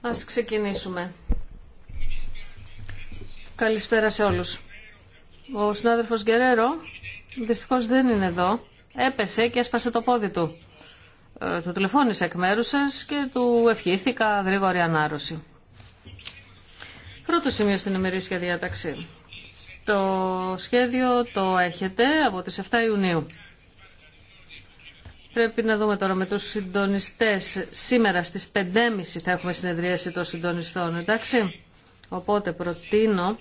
Ας ξεκινήσουμε. Καλησπέρα σε όλους. Ο συνάδελφος Γκερέρο δυστυχώς δεν είναι εδώ. Έπεσε και έσπασε το πόδι του. Ε, του τηλεφώνησε εκ μέρου σα και του ευχήθηκα γρήγορη ανάρρωση. Πρώτο σημείο στην ημερήσια διάταξη. Το σχέδιο το έχετε από τις 7 Ιουνίου. Πρέπει να δούμε τώρα με τους συντονιστές. Σήμερα στις 5.30 θα έχουμε συνεδρίαση των συντονιστών, εντάξει. Οπότε προτείνω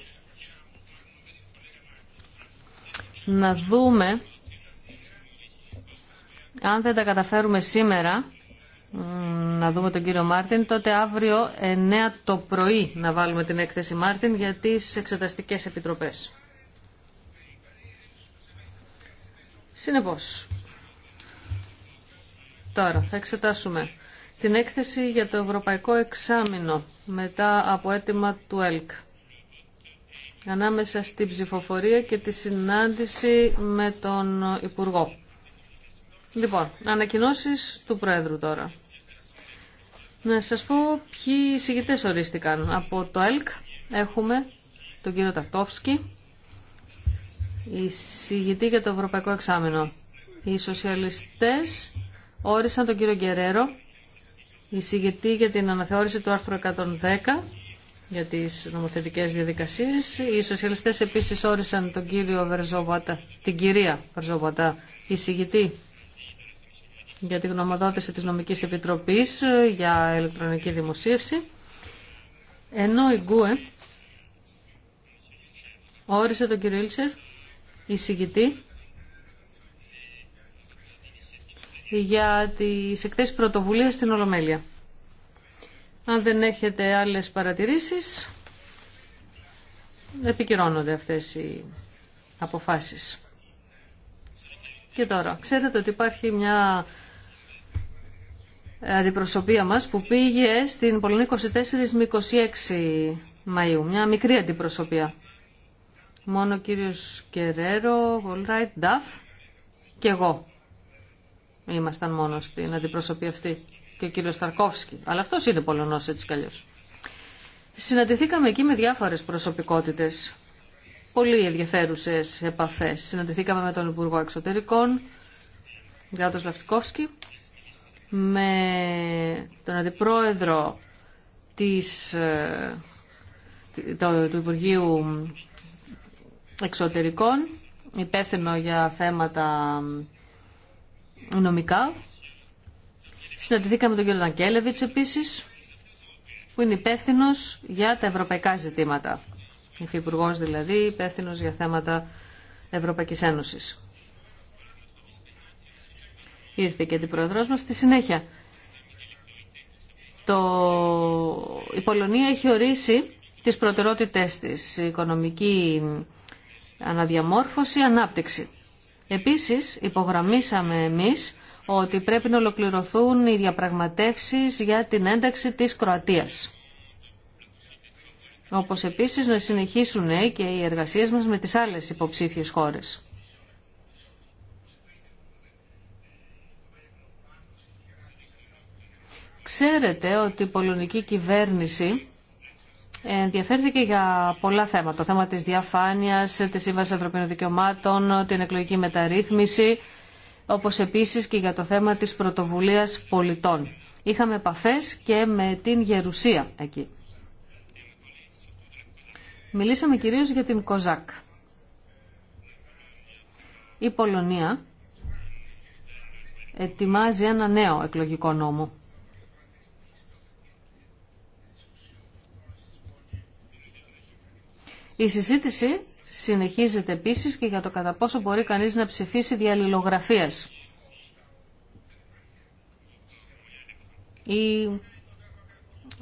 να δούμε αν δεν τα καταφέρουμε σήμερα, να δούμε τον κύριο Μάρτιν, τότε αύριο 9 το πρωί να βάλουμε την έκθεση Μάρτιν για τις εξεταστικές επιτροπές. Συνεπώς, Τώρα θα εξετάσουμε την έκθεση για το Ευρωπαϊκό Εξάμεινο μετά από αίτημα του ΕΛΚ ανάμεσα στην ψηφοφορία και τη συνάντηση με τον Υπουργό. Λοιπόν, ανακοινώσεις του Πρόεδρου τώρα. Να σας πω ποιοι συγητές ορίστηκαν. Από το ΕΛΚ έχουμε τον κύριο Ταρτόφσκι, η συγητή για το Ευρωπαϊκό Εξάμεινο. Οι σοσιαλιστές όρισαν τον κύριο Γκερέρο, εισηγητή για την αναθεώρηση του άρθρου 110 για τις νομοθετικές διαδικασίες. Οι σοσιαλιστές επίσης όρισαν τον κύριο Βερζοβάτα, την κυρία Βερζοβάτα, εισηγητή για την γνωμοδότηση της Νομικής Επιτροπής για ηλεκτρονική δημοσίευση. Ενώ η Γκουε όρισε τον κύριο Ήλσερ εισηγητή για τις εκθέσει πρωτοβουλίας στην Ολομέλεια. Αν δεν έχετε άλλες παρατηρήσεις, επικυρώνονται αυτές οι αποφάσεις. Και τώρα, ξέρετε ότι υπάρχει μια αντιπροσωπεία μας που πήγε στην Πολωνή 24 με 26 Μαΐου. Μια μικρή αντιπροσωπεία. Μόνο ο κύριος Κερέρο, Γολράιτ, Νταφ και εγώ ήμασταν μόνο στην αντιπροσωπή αυτή και ο κύριο Σταρκόφσκι. Αλλά αυτός είναι Πολωνό έτσι κι Συναντηθήκαμε εκεί με διάφορες προσωπικότητε, πολύ ενδιαφέρουσε επαφές. Συναντηθήκαμε με τον Υπουργό Εξωτερικών, Γκράτος Λαυτικόφσκι, με τον Αντιπρόεδρο της, ε, του Υπουργείου Εξωτερικών, υπεύθυνο για θέματα νομικά. Συναντηθήκαμε τον κύριο Ναγκέλεβιτς επίσης, που είναι υπεύθυνο για τα ευρωπαϊκά ζητήματα. Υφυπουργό δηλαδή, υπεύθυνο για θέματα Ευρωπαϊκής Ένωσης. Ήρθε και την πρόεδρός μας στη συνέχεια. Το... Η Πολωνία έχει ορίσει τις προτερότητές της, οικονομική αναδιαμόρφωση, ανάπτυξη. Επίσης υπογραμμίσαμε εμείς ότι πρέπει να ολοκληρωθούν οι διαπραγματεύσεις για την ένταξη της Κροατίας. Όπως επίσης να συνεχίσουν και οι εργασίες μας με τις άλλες υποψήφιες χώρες. Ξέρετε ότι η πολωνική κυβέρνηση ενδιαφέρθηκε για πολλά θέματα. Το θέμα της διαφάνειας, της σύμβασης ανθρωπίνων δικαιωμάτων, την εκλογική μεταρρύθμιση, όπως επίσης και για το θέμα της πρωτοβουλίας πολιτών. Είχαμε επαφές και με την Γερουσία εκεί. Μιλήσαμε κυρίως για την Κοζάκ. Η Πολωνία ετοιμάζει ένα νέο εκλογικό νόμο. Η συζήτηση συνεχίζεται επίσης και για το κατά πόσο μπορεί κανείς να ψηφίσει διαλληλογραφίας. Ή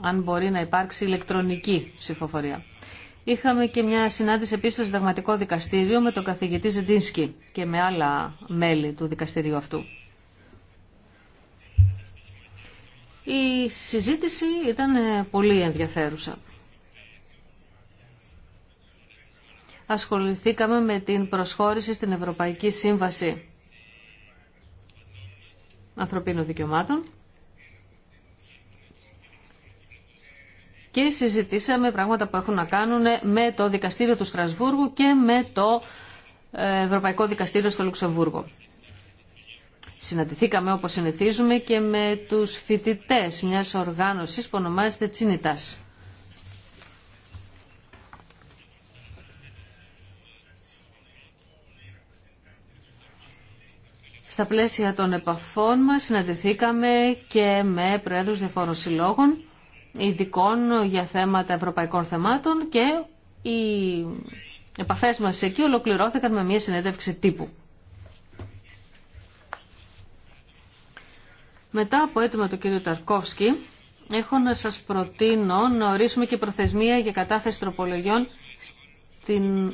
αν μπορεί να υπάρξει ηλεκτρονική ψηφοφορία. Είχαμε και μια συνάντηση επίσης στο Συνταγματικό Δικαστήριο με τον καθηγητή Ζεντίνσκι και με άλλα μέλη του δικαστηρίου αυτού. Η συζήτηση ήταν ε, πολύ ενδιαφέρουσα. ασχοληθήκαμε με την προσχώρηση στην Ευρωπαϊκή Σύμβαση Ανθρωπίνων Δικαιωμάτων και συζητήσαμε πράγματα που έχουν να κάνουν με το Δικαστήριο του Στρασβούργου και με το ε, Ευρωπαϊκό Δικαστήριο στο Λουξεμβούργο. Συναντηθήκαμε όπως συνηθίζουμε και με τους φοιτητές μιας οργάνωσης που ονομάζεται Τσίνιτας. Στα πλαίσια των επαφών μας συναντηθήκαμε και με προέδρους διαφόρων συλλόγων, ειδικών για θέματα ευρωπαϊκών θεμάτων και οι επαφές μας εκεί ολοκληρώθηκαν με μια συνέντευξη τύπου. Μετά από έτοιμα του κ. Ταρκόφσκι, έχω να σας προτείνω να ορίσουμε και προθεσμία για κατάθεση τροπολογιών στην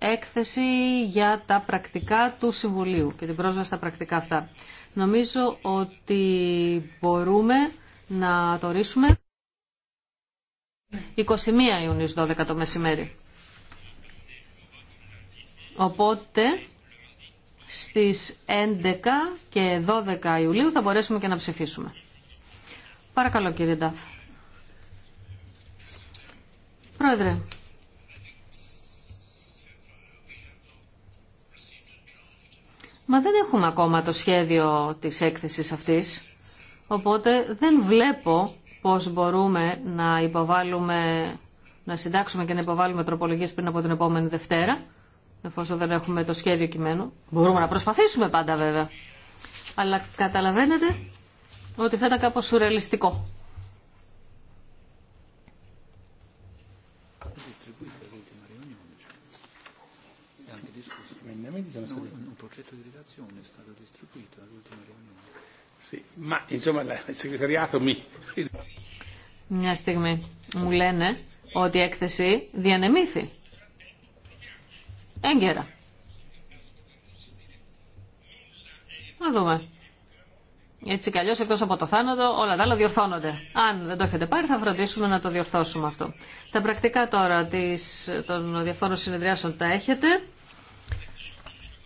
έκθεση για τα πρακτικά του Συμβουλίου και την πρόσβαση στα πρακτικά αυτά. Νομίζω ότι μπορούμε να το ορίσουμε 21 Ιουνίου 12 το μεσημέρι. Οπότε στις 11 και 12 Ιουλίου θα μπορέσουμε και να ψηφίσουμε. Παρακαλώ κύριε Ντάφ. Πρόεδρε, Μα δεν έχουμε ακόμα το σχέδιο της έκθεσης αυτής, οπότε δεν βλέπω πώς μπορούμε να υποβάλουμε, να συντάξουμε και να υποβάλουμε τροπολογίες πριν από την επόμενη Δευτέρα, εφόσον δεν έχουμε το σχέδιο κειμένου. Μπορούμε να προσπαθήσουμε πάντα βέβαια. Αλλά καταλαβαίνετε ότι θα ήταν κάπως σουρελιστικό progetto di redazione è stato distribuito all'ultima riunione. Sì, ma insomma la, il segretariato mi... Μια στιγμή μου λένε ότι η έκθεση διανεμήθη. Έγκαιρα. Να δούμε. Έτσι κι αλλιώ εκτό από το θάνατο όλα τα άλλα διορθώνονται. Αν δεν το έχετε πάρει θα φροντίσουμε να το διορθώσουμε αυτό. Τα πρακτικά τώρα της, των διαφόρων συνεδριάσεων τα έχετε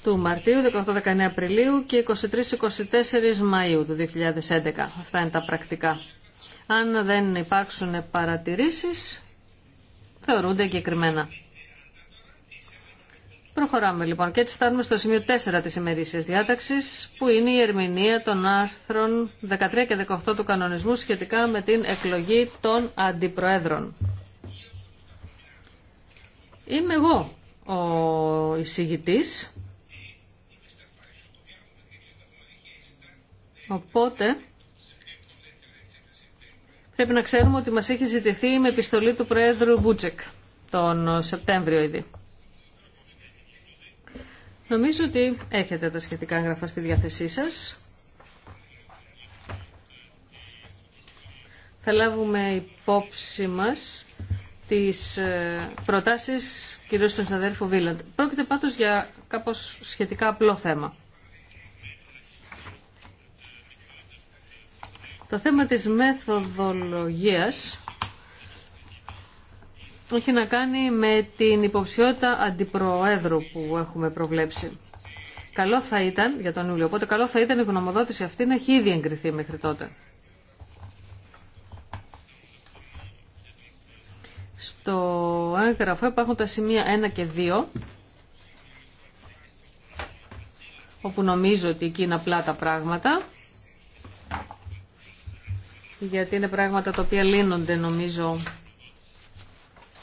του Μαρτίου, 18-19 Απριλίου και 23-24 Μαΐου του 2011. Αυτά είναι τα πρακτικά. Αν δεν υπάρξουν παρατηρήσεις, θεωρούνται εγκεκριμένα. Προχωράμε λοιπόν και έτσι φτάνουμε στο σημείο 4 της ημερήσιας διάταξης που είναι η ερμηνεία των άρθρων 13 και 18 του κανονισμού σχετικά με την εκλογή των αντιπροέδρων. Είμαι εγώ ο εισηγητής Οπότε πρέπει να ξέρουμε ότι μας έχει ζητηθεί με επιστολή του Πρόεδρου Βούτσεκ, τον Σεπτέμβριο ήδη. Νομίζω ότι έχετε τα σχετικά έγγραφα στη διάθεσή σας. Θα λάβουμε υπόψη μας τις ε, προτάσεις κυρίως του συναδέλφου Βίλαντ. Πρόκειται πάντως για κάπως σχετικά απλό θέμα. Το θέμα της μεθοδολογίας έχει να κάνει με την υποψιότητα αντιπροέδρου που έχουμε προβλέψει. Καλό θα ήταν για τον Ιούλιο, οπότε καλό θα ήταν η γνωμοδότηση αυτή να έχει ήδη εγκριθεί μέχρι τότε. Στο έγγραφο υπάρχουν τα σημεία 1 και 2, όπου νομίζω ότι εκεί είναι απλά τα πράγματα γιατί είναι πράγματα τα οποία λύνονται νομίζω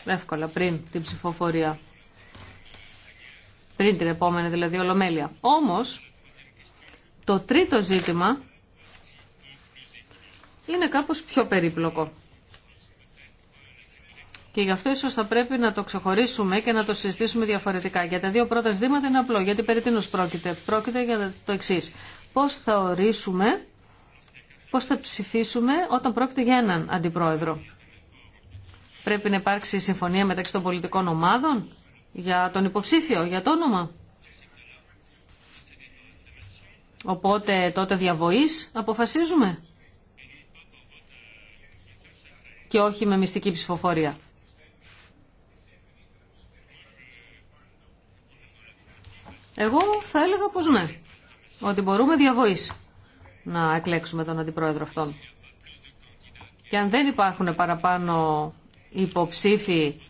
εύκολα πριν την ψηφοφορία. Πριν την επόμενη δηλαδή ολομέλεια. Όμως το τρίτο ζήτημα είναι κάπως πιο περίπλοκο. Και γι' αυτό ίσω θα πρέπει να το ξεχωρίσουμε και να το συζητήσουμε διαφορετικά. Για τα δύο πρώτα ζητήματα είναι απλό. Γιατί περί τίνο πρόκειται. Πρόκειται για το εξή. Πώ θα ορίσουμε πώς θα ψηφίσουμε όταν πρόκειται για έναν αντιπρόεδρο. Πρέπει να υπάρξει συμφωνία μεταξύ των πολιτικών ομάδων για τον υποψήφιο, για το όνομα. Οπότε τότε διαβοής αποφασίζουμε και όχι με μυστική ψηφοφορία. Εγώ θα έλεγα πως ναι, ότι μπορούμε διαβοής να εκλέξουμε τον αντιπρόεδρο αυτόν. Και αν δεν υπάρχουν παραπάνω υποψήφοι,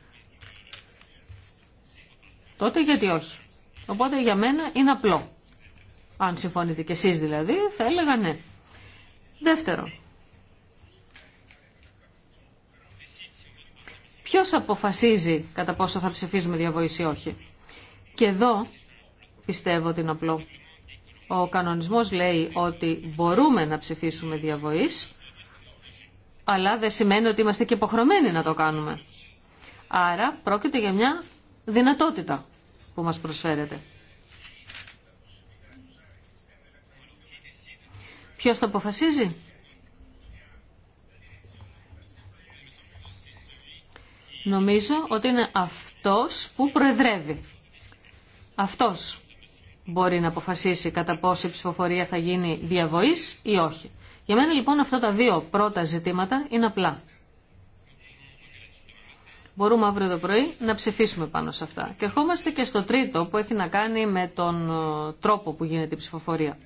τότε γιατί όχι. Οπότε για μένα είναι απλό. Αν συμφωνείτε και εσείς δηλαδή, θα έλεγα ναι. Δεύτερο. Ποιος αποφασίζει κατά πόσο θα ψηφίζουμε διαβοήση ή όχι. Και εδώ πιστεύω ότι είναι απλό. Ο κανονισμός λέει ότι μπορούμε να ψηφίσουμε διαβοής, αλλά δεν σημαίνει ότι είμαστε και υποχρεωμένοι να το κάνουμε. Άρα πρόκειται για μια δυνατότητα που μας προσφέρεται. Ποιος το αποφασίζει? Νομίζω ότι είναι αυτός που προεδρεύει. Αυτός μπορεί να αποφασίσει κατά πόσο η ψηφοφορία θα γίνει διαβοής ή όχι. Για μένα λοιπόν αυτά τα δύο πρώτα ζητήματα είναι απλά. Μπορούμε αύριο το πρωί να ψηφίσουμε πάνω σε αυτά. Και ερχόμαστε και στο τρίτο που έχει να κάνει με τον ε, τρόπο που γίνεται η ψηφοφορία.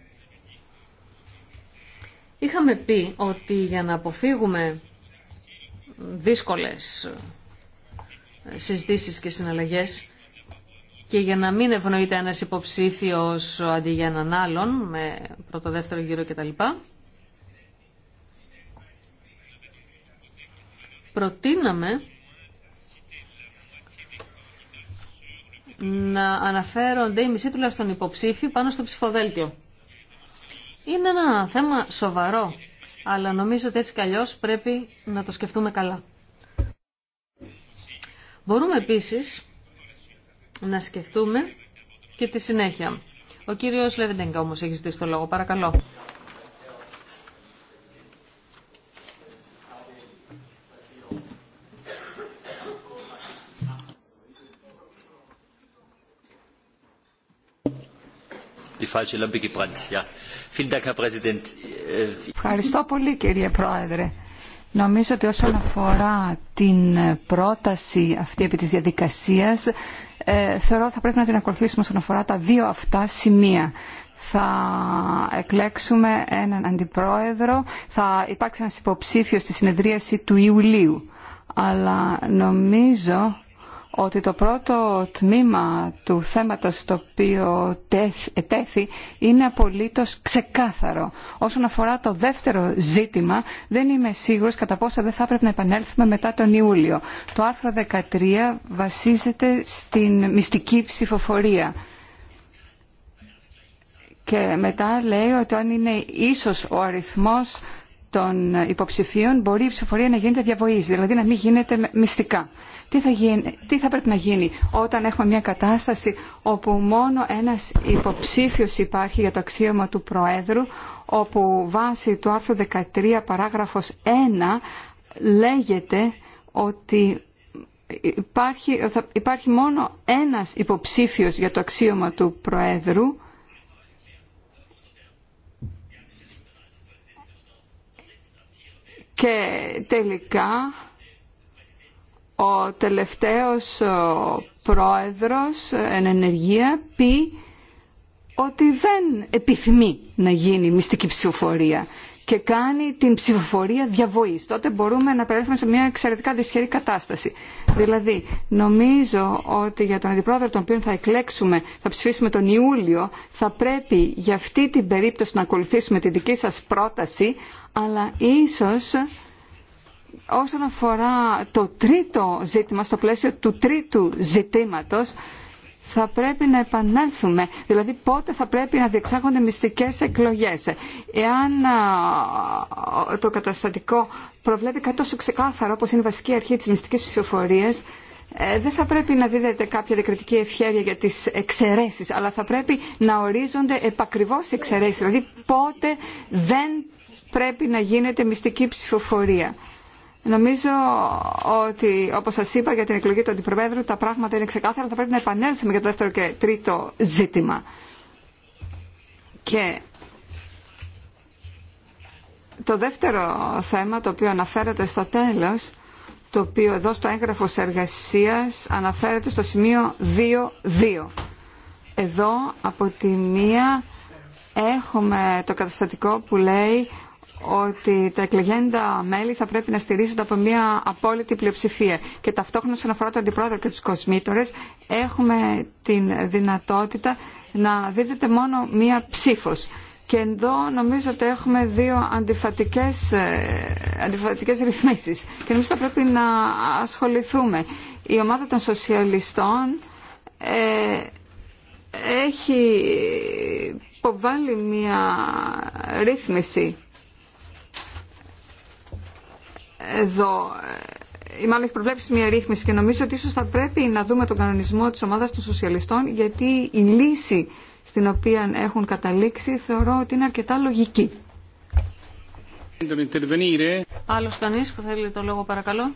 Είχαμε πει ότι για να αποφύγουμε δύσκολες ε, συζητήσεις και συναλλαγές και για να μην ευνοείται ένας υποψήφιος αντί για έναν άλλον με πρώτο δεύτερο γύρο κτλ. Προτείναμε να αναφέρονται οι μισοί τουλάχιστον υποψήφοι πάνω στο ψηφοδέλτιο. Είναι ένα θέμα σοβαρό, αλλά νομίζω ότι έτσι καλλιώς πρέπει να το σκεφτούμε καλά. Μπορούμε επίσης να σκεφτούμε και τη συνέχεια. Ο κύριος Λεβεντέγκα όμως έχει ζητήσει το λόγο. Παρακαλώ. Äh, Ευχαριστώ πολύ κύριε Πρόεδρε. Νομίζω ότι όσον αφορά την πρόταση αυτή επί της διαδικασίας, ε, θεωρώ θα πρέπει να την ακολουθήσουμε όσον αφορά τα δύο αυτά σημεία. Θα εκλέξουμε έναν αντιπρόεδρο, θα υπάρξει ένας υποψήφιος στη συνεδρίαση του Ιουλίου. Αλλά νομίζω ότι το πρώτο τμήμα του θέματος το οποίο ετέθη είναι απολύτως ξεκάθαρο. Όσον αφορά το δεύτερο ζήτημα, δεν είμαι σίγουρος κατά πόσο δεν θα έπρεπε να επανέλθουμε μετά τον Ιούλιο. Το άρθρο 13 βασίζεται στην μυστική ψηφοφορία. Και μετά λέει ότι αν είναι ίσως ο αριθμός των υποψηφίων μπορεί η ψηφοφορία να γίνεται διαβοής, δηλαδή να μην γίνεται μυστικά. Τι θα, γίνει, τι θα πρέπει να γίνει όταν έχουμε μια κατάσταση όπου μόνο ένας υποψήφιος υπάρχει για το αξίωμα του Προέδρου, όπου βάσει του άρθρου 13 παράγραφος 1 λέγεται ότι υπάρχει, υπάρχει μόνο ένας υποψήφιος για το αξίωμα του Προέδρου Και τελικά ο τελευταίος πρόεδρος εν ενεργεία πει ότι δεν επιθυμεί να γίνει μυστική ψηφοφορία και κάνει την ψηφοφορία διαβοής. Τότε μπορούμε να περάσουμε σε μια εξαιρετικά δυσχερή κατάσταση. Δηλαδή, νομίζω ότι για τον αντιπρόεδρο τον οποίο θα εκλέξουμε, θα ψηφίσουμε τον Ιούλιο, θα πρέπει για αυτή την περίπτωση να ακολουθήσουμε τη δική σας πρόταση, αλλά ίσως όσον αφορά το τρίτο ζήτημα, στο πλαίσιο του τρίτου ζητήματος, θα πρέπει να επανέλθουμε, δηλαδή πότε θα πρέπει να διεξάγονται μυστικές εκλογές. Εάν το καταστατικό προβλέπει κάτι τόσο ξεκάθαρο όπως είναι η βασική αρχή της μυστικής ψηφοφορίας, ε, δεν θα πρέπει να δίδεται κάποια διακριτική ευχέρεια για τις εξαιρέσεις, αλλά θα πρέπει να ορίζονται επακριβώς εξαιρέσεις, δηλαδή πότε δεν πρέπει να γίνεται μυστική ψηφοφορία. Νομίζω ότι, όπως σας είπα, για την εκλογή του Αντιπροέδρου τα πράγματα είναι ξεκάθαρα. Θα πρέπει να επανέλθουμε για το δεύτερο και τρίτο ζήτημα. Και το δεύτερο θέμα, το οποίο αναφέρεται στο τέλος, το οποίο εδώ στο έγγραφο εργασία αναφέρεται στο σημείο 2.2. Εδώ, από τη μία, έχουμε το καταστατικό που λέει ότι τα εκλεγέντα μέλη θα πρέπει να στηρίζονται από μια απόλυτη πλειοψηφία. Και ταυτόχρονα, όσον αφορά τον αντιπρόεδρο και του κοσμήτορε, έχουμε την δυνατότητα να δίδεται μόνο μία ψήφο. Και εδώ νομίζω ότι έχουμε δύο αντιφατικές, ε, αντιφατικές ρυθμίσεις και νομίζω θα πρέπει να ασχοληθούμε. Η ομάδα των σοσιαλιστών ε, έχει υποβάλει μια ρύθμιση εδώ ή μάλλον έχει προβλέψει μια ρύθμιση και νομίζω ότι ίσως θα πρέπει να δούμε τον κανονισμό της ομάδας των σοσιαλιστών γιατί η λύση στην οποία έχουν καταλήξει θεωρώ ότι είναι αρκετά λογική. Άλλος κανείς που θέλει το λόγο παρακαλώ.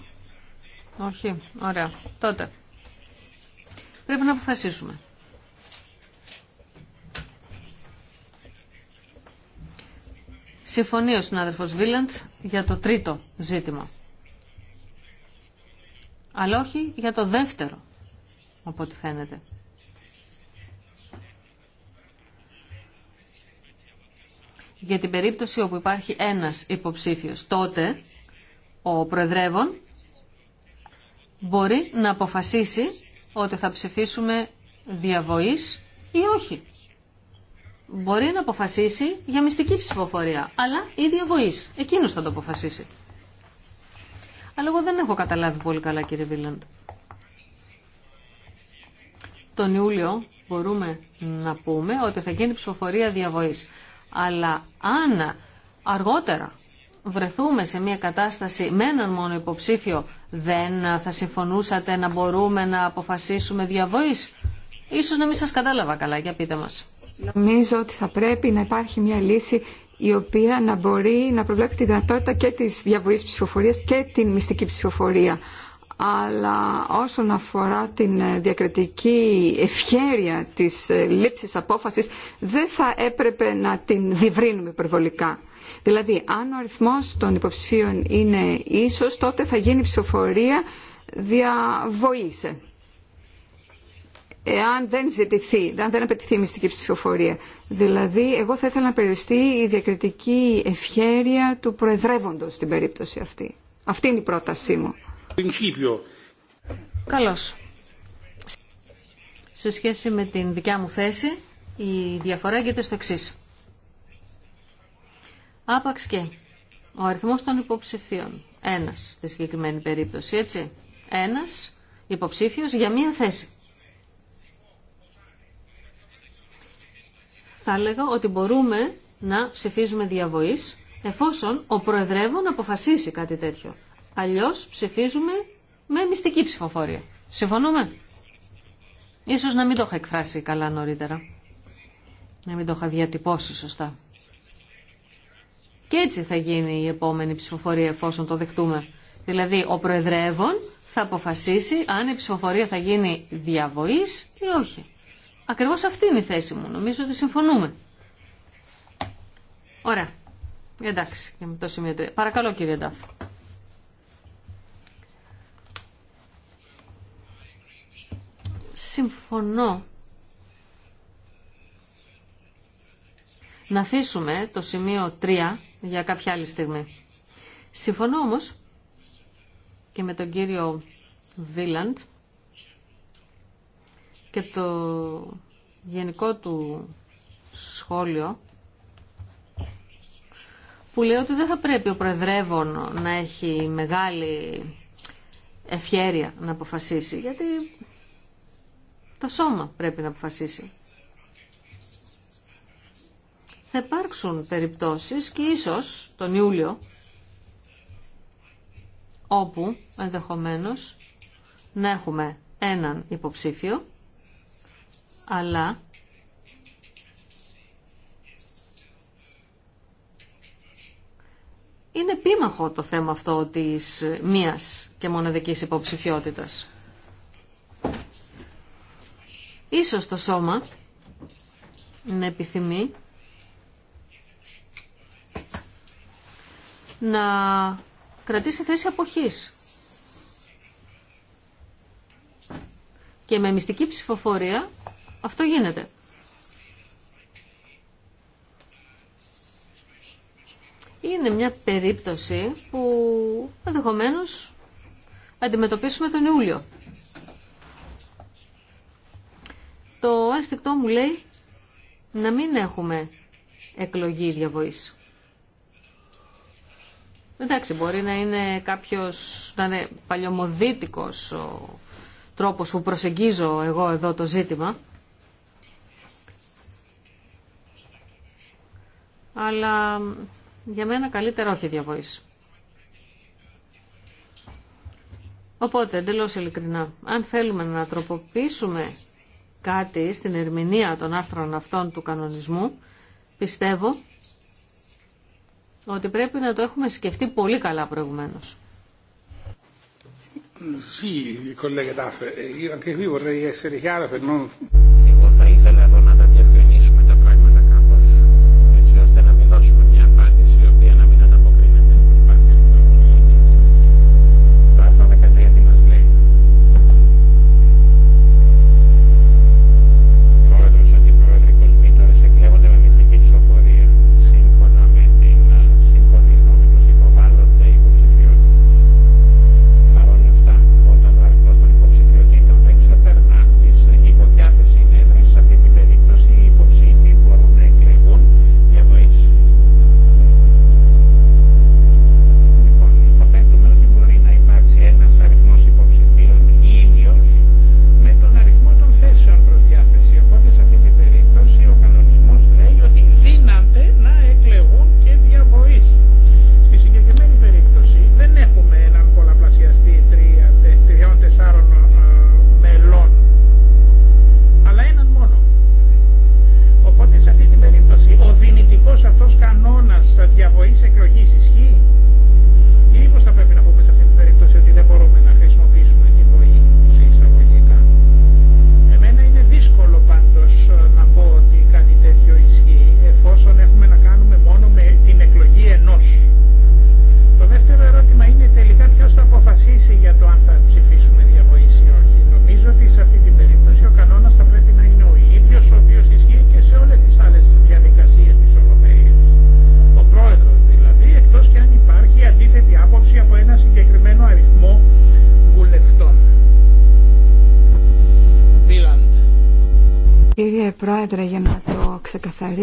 Όχι. Ωραία. Τότε. Πρέπει να αποφασίσουμε. Συμφωνεί ο συνάδελφος Βίλαντ για το τρίτο ζήτημα. Αλλά όχι για το δεύτερο, από ό,τι φαίνεται. Για την περίπτωση όπου υπάρχει ένας υποψήφιος, τότε ο Προεδρεύων μπορεί να αποφασίσει ότι θα ψηφίσουμε διαβοής ή όχι μπορεί να αποφασίσει για μυστική ψηφοφορία, αλλά η διαβοής. Εκείνο θα το αποφασίσει. Αλλά εγώ δεν έχω καταλάβει πολύ καλά κύριε Βίλαντ. Τον Ιούλιο μπορούμε να πούμε ότι θα γίνει ψηφοφορία διαβοή. Αλλά αν αργότερα βρεθούμε σε μια κατάσταση με έναν μόνο υποψήφιο, δεν θα συμφωνούσατε να μπορούμε να αποφασίσουμε διαβοή, Ίσως να μην σας κατάλαβα καλά, για πείτε μας. Νομίζω ότι θα πρέπει να υπάρχει μια λύση η οποία να μπορεί να προβλέπει τη δυνατότητα και της διαβοής ψηφοφορίας και την μυστική ψηφοφορία. Αλλά όσον αφορά την ε, διακριτική ευχέρεια της ε, λήψης απόφασης, δεν θα έπρεπε να την διβρύνουμε υπερβολικά. Δηλαδή, αν ο αριθμός των υποψηφίων είναι ίσος, τότε θα γίνει ψηφοφορία διαβοήσε εάν δεν ζητηθεί, αν δεν απαιτηθεί μυστική ψηφοφορία. Δηλαδή, εγώ θα ήθελα να περιστεί η διακριτική ευχέρεια του προεδρεύοντος στην περίπτωση αυτή. Αυτή είναι η πρότασή μου. Καλώς. Σε σχέση με την δικιά μου θέση, η διαφορά γίνεται στο εξή. Άπαξ και ο αριθμός των υποψηφίων. Ένας στη συγκεκριμένη περίπτωση, έτσι. Ένας υποψήφιος για μία θέση. θα έλεγα ότι μπορούμε να ψηφίζουμε διαβοής εφόσον ο Προεδρεύων αποφασίσει κάτι τέτοιο. Αλλιώς ψηφίζουμε με μυστική ψηφοφορία. Συμφωνούμε. Ίσως να μην το είχα εκφράσει καλά νωρίτερα. Να μην το είχα διατυπώσει σωστά. Και έτσι θα γίνει η επόμενη ψηφοφορία εφόσον το δεχτούμε. Δηλαδή ο Προεδρεύων θα αποφασίσει αν η ψηφοφορία θα γίνει διαβοής ή όχι. Ακριβώς αυτή είναι η θέση μου. Νομίζω ότι συμφωνούμε. Ωραία. Εντάξει, το σημείο τρία. Παρακαλώ κύριε Ντάφ. Συμφωνώ να αφήσουμε το σημείο 3 για κάποια άλλη στιγμή. Συμφωνώ όμως και με τον κύριο Βίλαντ και το γενικό του σχόλιο που λέει ότι δεν θα πρέπει ο Προεδρεύων να έχει μεγάλη ευχέρεια να αποφασίσει γιατί το σώμα πρέπει να αποφασίσει. Θα υπάρξουν περιπτώσεις και ίσως τον Ιούλιο όπου ενδεχομένως να έχουμε έναν υποψήφιο αλλά είναι επίμαχο το θέμα αυτό της μίας και μοναδικής υποψηφιότητας. Ίσως το σώμα να επιθυμεί να κρατήσει θέση αποχής Και με μυστική ψηφοφορία αυτό γίνεται. Είναι μια περίπτωση που ενδεχομένω αντιμετωπίσουμε τον Ιούλιο. Το αισθηκτό μου λέει να μην έχουμε εκλογή διαβοής. Εντάξει, μπορεί να είναι κάποιος, να είναι παλιωμοδίτικος τρόπος που προσεγγίζω εγώ εδώ το ζήτημα. Αλλά για μένα καλύτερα όχι διαβοής. Οπότε, εντελώ ειλικρινά, αν θέλουμε να τροποποιήσουμε κάτι στην ερμηνεία των άρθρων αυτών του κανονισμού, πιστεύω ότι πρέπει να το έχουμε σκεφτεί πολύ καλά προηγουμένως. Sì, collega Taff, io anche qui vorrei essere chiaro per non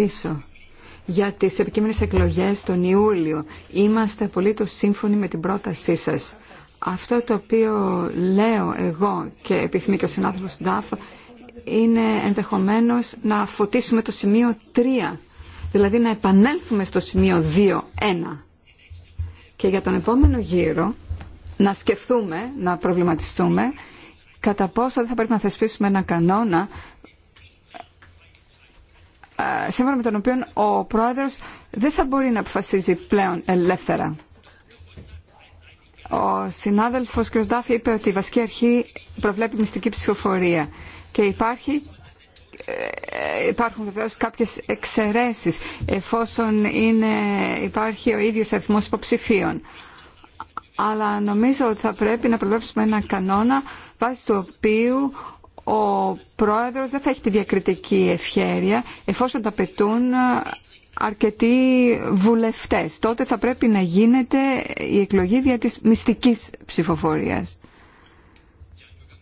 ξεκαθαρίσω. Για τι επικείμενες εκλογές τον Ιούλιο είμαστε το σύμφωνοι με την πρότασή σα. Αυτό το οποίο λέω εγώ και επιθυμεί και ο συνάδελφο Ντάφ είναι ενδεχομένω να φωτίσουμε το σημείο 3, δηλαδή να επανέλθουμε στο σημείο 2-1. Και για τον επόμενο γύρο να σκεφτούμε, να προβληματιστούμε κατά πόσο δεν θα πρέπει να θεσπίσουμε ένα κανόνα σύμφωνα με τον οποίο ο πρόεδρος δεν θα μπορεί να αποφασίζει πλέον ελεύθερα. Ο συνάδελφος κ. Ντάφη είπε ότι η βασική αρχή προβλέπει μυστική ψηφοφορία και υπάρχει ε, υπάρχουν βεβαίως κάποιες εξαιρέσεις εφόσον είναι, υπάρχει ο ίδιος αριθμός υποψηφίων. Αλλά νομίζω ότι θα πρέπει να προβλέψουμε ένα κανόνα βάσει του οποίου ο πρόεδρος δεν θα έχει τη διακριτική ευχέρεια εφόσον τα πετούν αρκετοί βουλευτές. Τότε θα πρέπει να γίνεται η εκλογή δια της μυστικής ψηφοφορίας.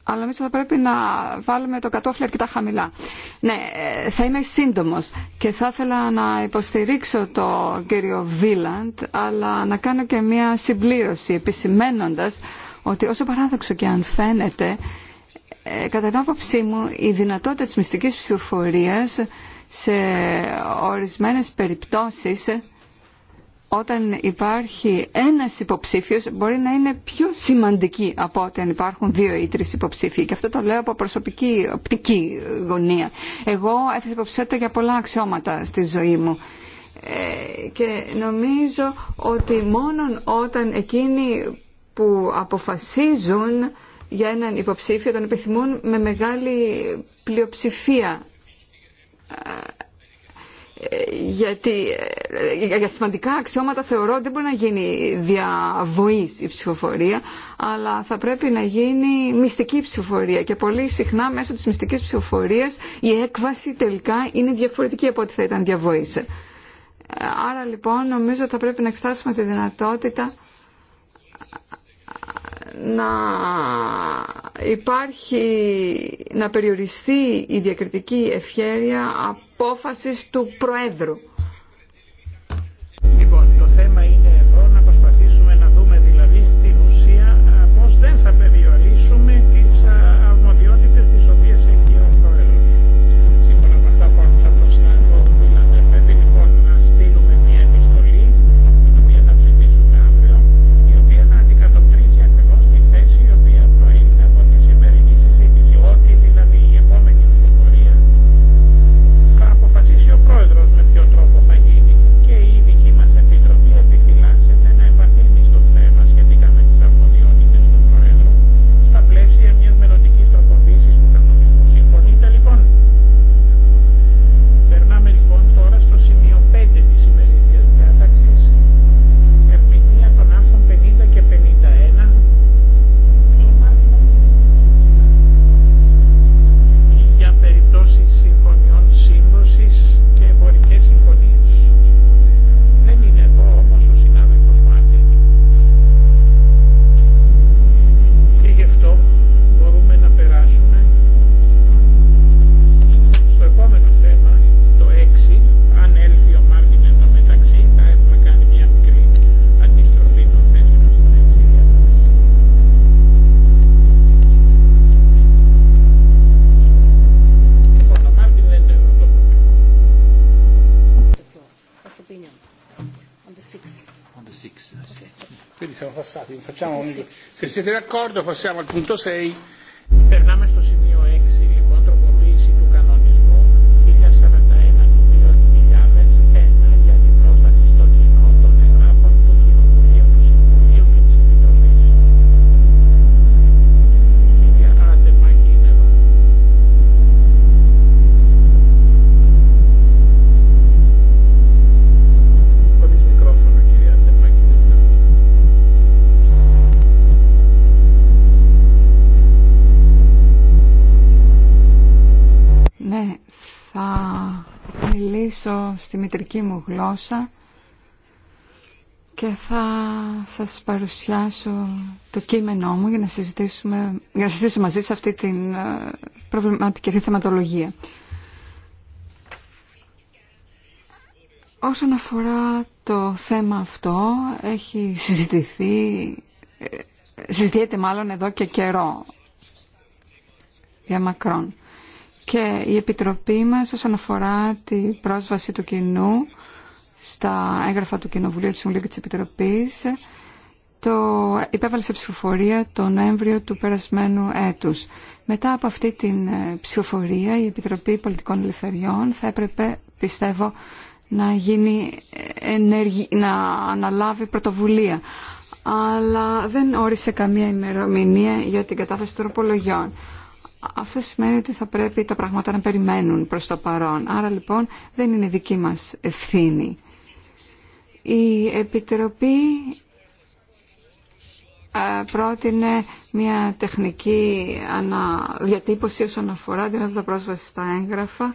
Αλλά εμεί θα πρέπει να βάλουμε το κατόφλι αρκετά χαμηλά. Ναι, ε, θα είμαι σύντομο και θα ήθελα να υποστηρίξω το κύριο Βίλαντ, αλλά να κάνω και μια συμπλήρωση επισημένοντας ότι όσο παράδοξο και αν φαίνεται, ε, κατά την άποψή μου η δυνατότητα της μυστικής ψηφοφορίας σε ορισμένες περιπτώσεις όταν υπάρχει ένας υποψήφιος μπορεί να είναι πιο σημαντική από όταν υπάρχουν δύο ή τρεις υποψήφιοι. Και αυτό το λέω από προσωπική οπτική γωνία. Εγώ έθεσα υποψηφιότητα για πολλά αξιώματα στη ζωή μου. Ε, και νομίζω ότι μόνο όταν εκείνοι που αποφασίζουν για έναν υποψήφιο τον επιθυμούν με μεγάλη πλειοψηφία ε, γιατί ε, για σημαντικά αξιώματα θεωρώ δεν μπορεί να γίνει διαβοής η ψηφοφορία αλλά θα πρέπει να γίνει μυστική ψηφοφορία και πολύ συχνά μέσω της μυστικής ψηφοφορίας η έκβαση τελικά είναι διαφορετική από ό,τι θα ήταν διαβοής. Ε, άρα λοιπόν νομίζω θα πρέπει να εξτάσουμε τη δυνατότητα να υπάρχει, να περιοριστεί η διακριτική ευχέρεια απόφασης του Προέδρου. Se siete d'accordo passiamo al punto 6 στη μητρική μου γλώσσα και θα σας παρουσιάσω το κείμενό μου για να συζητήσουμε, για να συζητήσουμε μαζί σε αυτή την ε, προβληματική θεματολογία. Όσον αφορά το θέμα αυτό, έχει συζητηθεί, ε, συζητιέται μάλλον εδώ και καιρό, για μακρόν και η Επιτροπή μας όσον αφορά την πρόσβαση του κοινού στα έγγραφα του Κοινοβουλίου του Συμβουλίου και της Επιτροπής το υπέβαλε σε ψηφοφορία τον Νοέμβριο του περασμένου έτους. Μετά από αυτή την ε, ψηφοφορία η Επιτροπή Πολιτικών Ελευθεριών θα έπρεπε, πιστεύω, να, γίνει ε, ενεργη... να αναλάβει πρωτοβουλία. Αλλά δεν όρισε καμία ημερομηνία για την κατάθεση τροπολογιών. Αυτό σημαίνει ότι θα πρέπει τα πράγματα να περιμένουν προς το παρόν. Άρα λοιπόν δεν είναι δική μας ευθύνη. Η Επιτροπή ε, πρότεινε μια τεχνική διατύπωση όσον αφορά την δηλαδή πρόσβαση στα έγγραφα.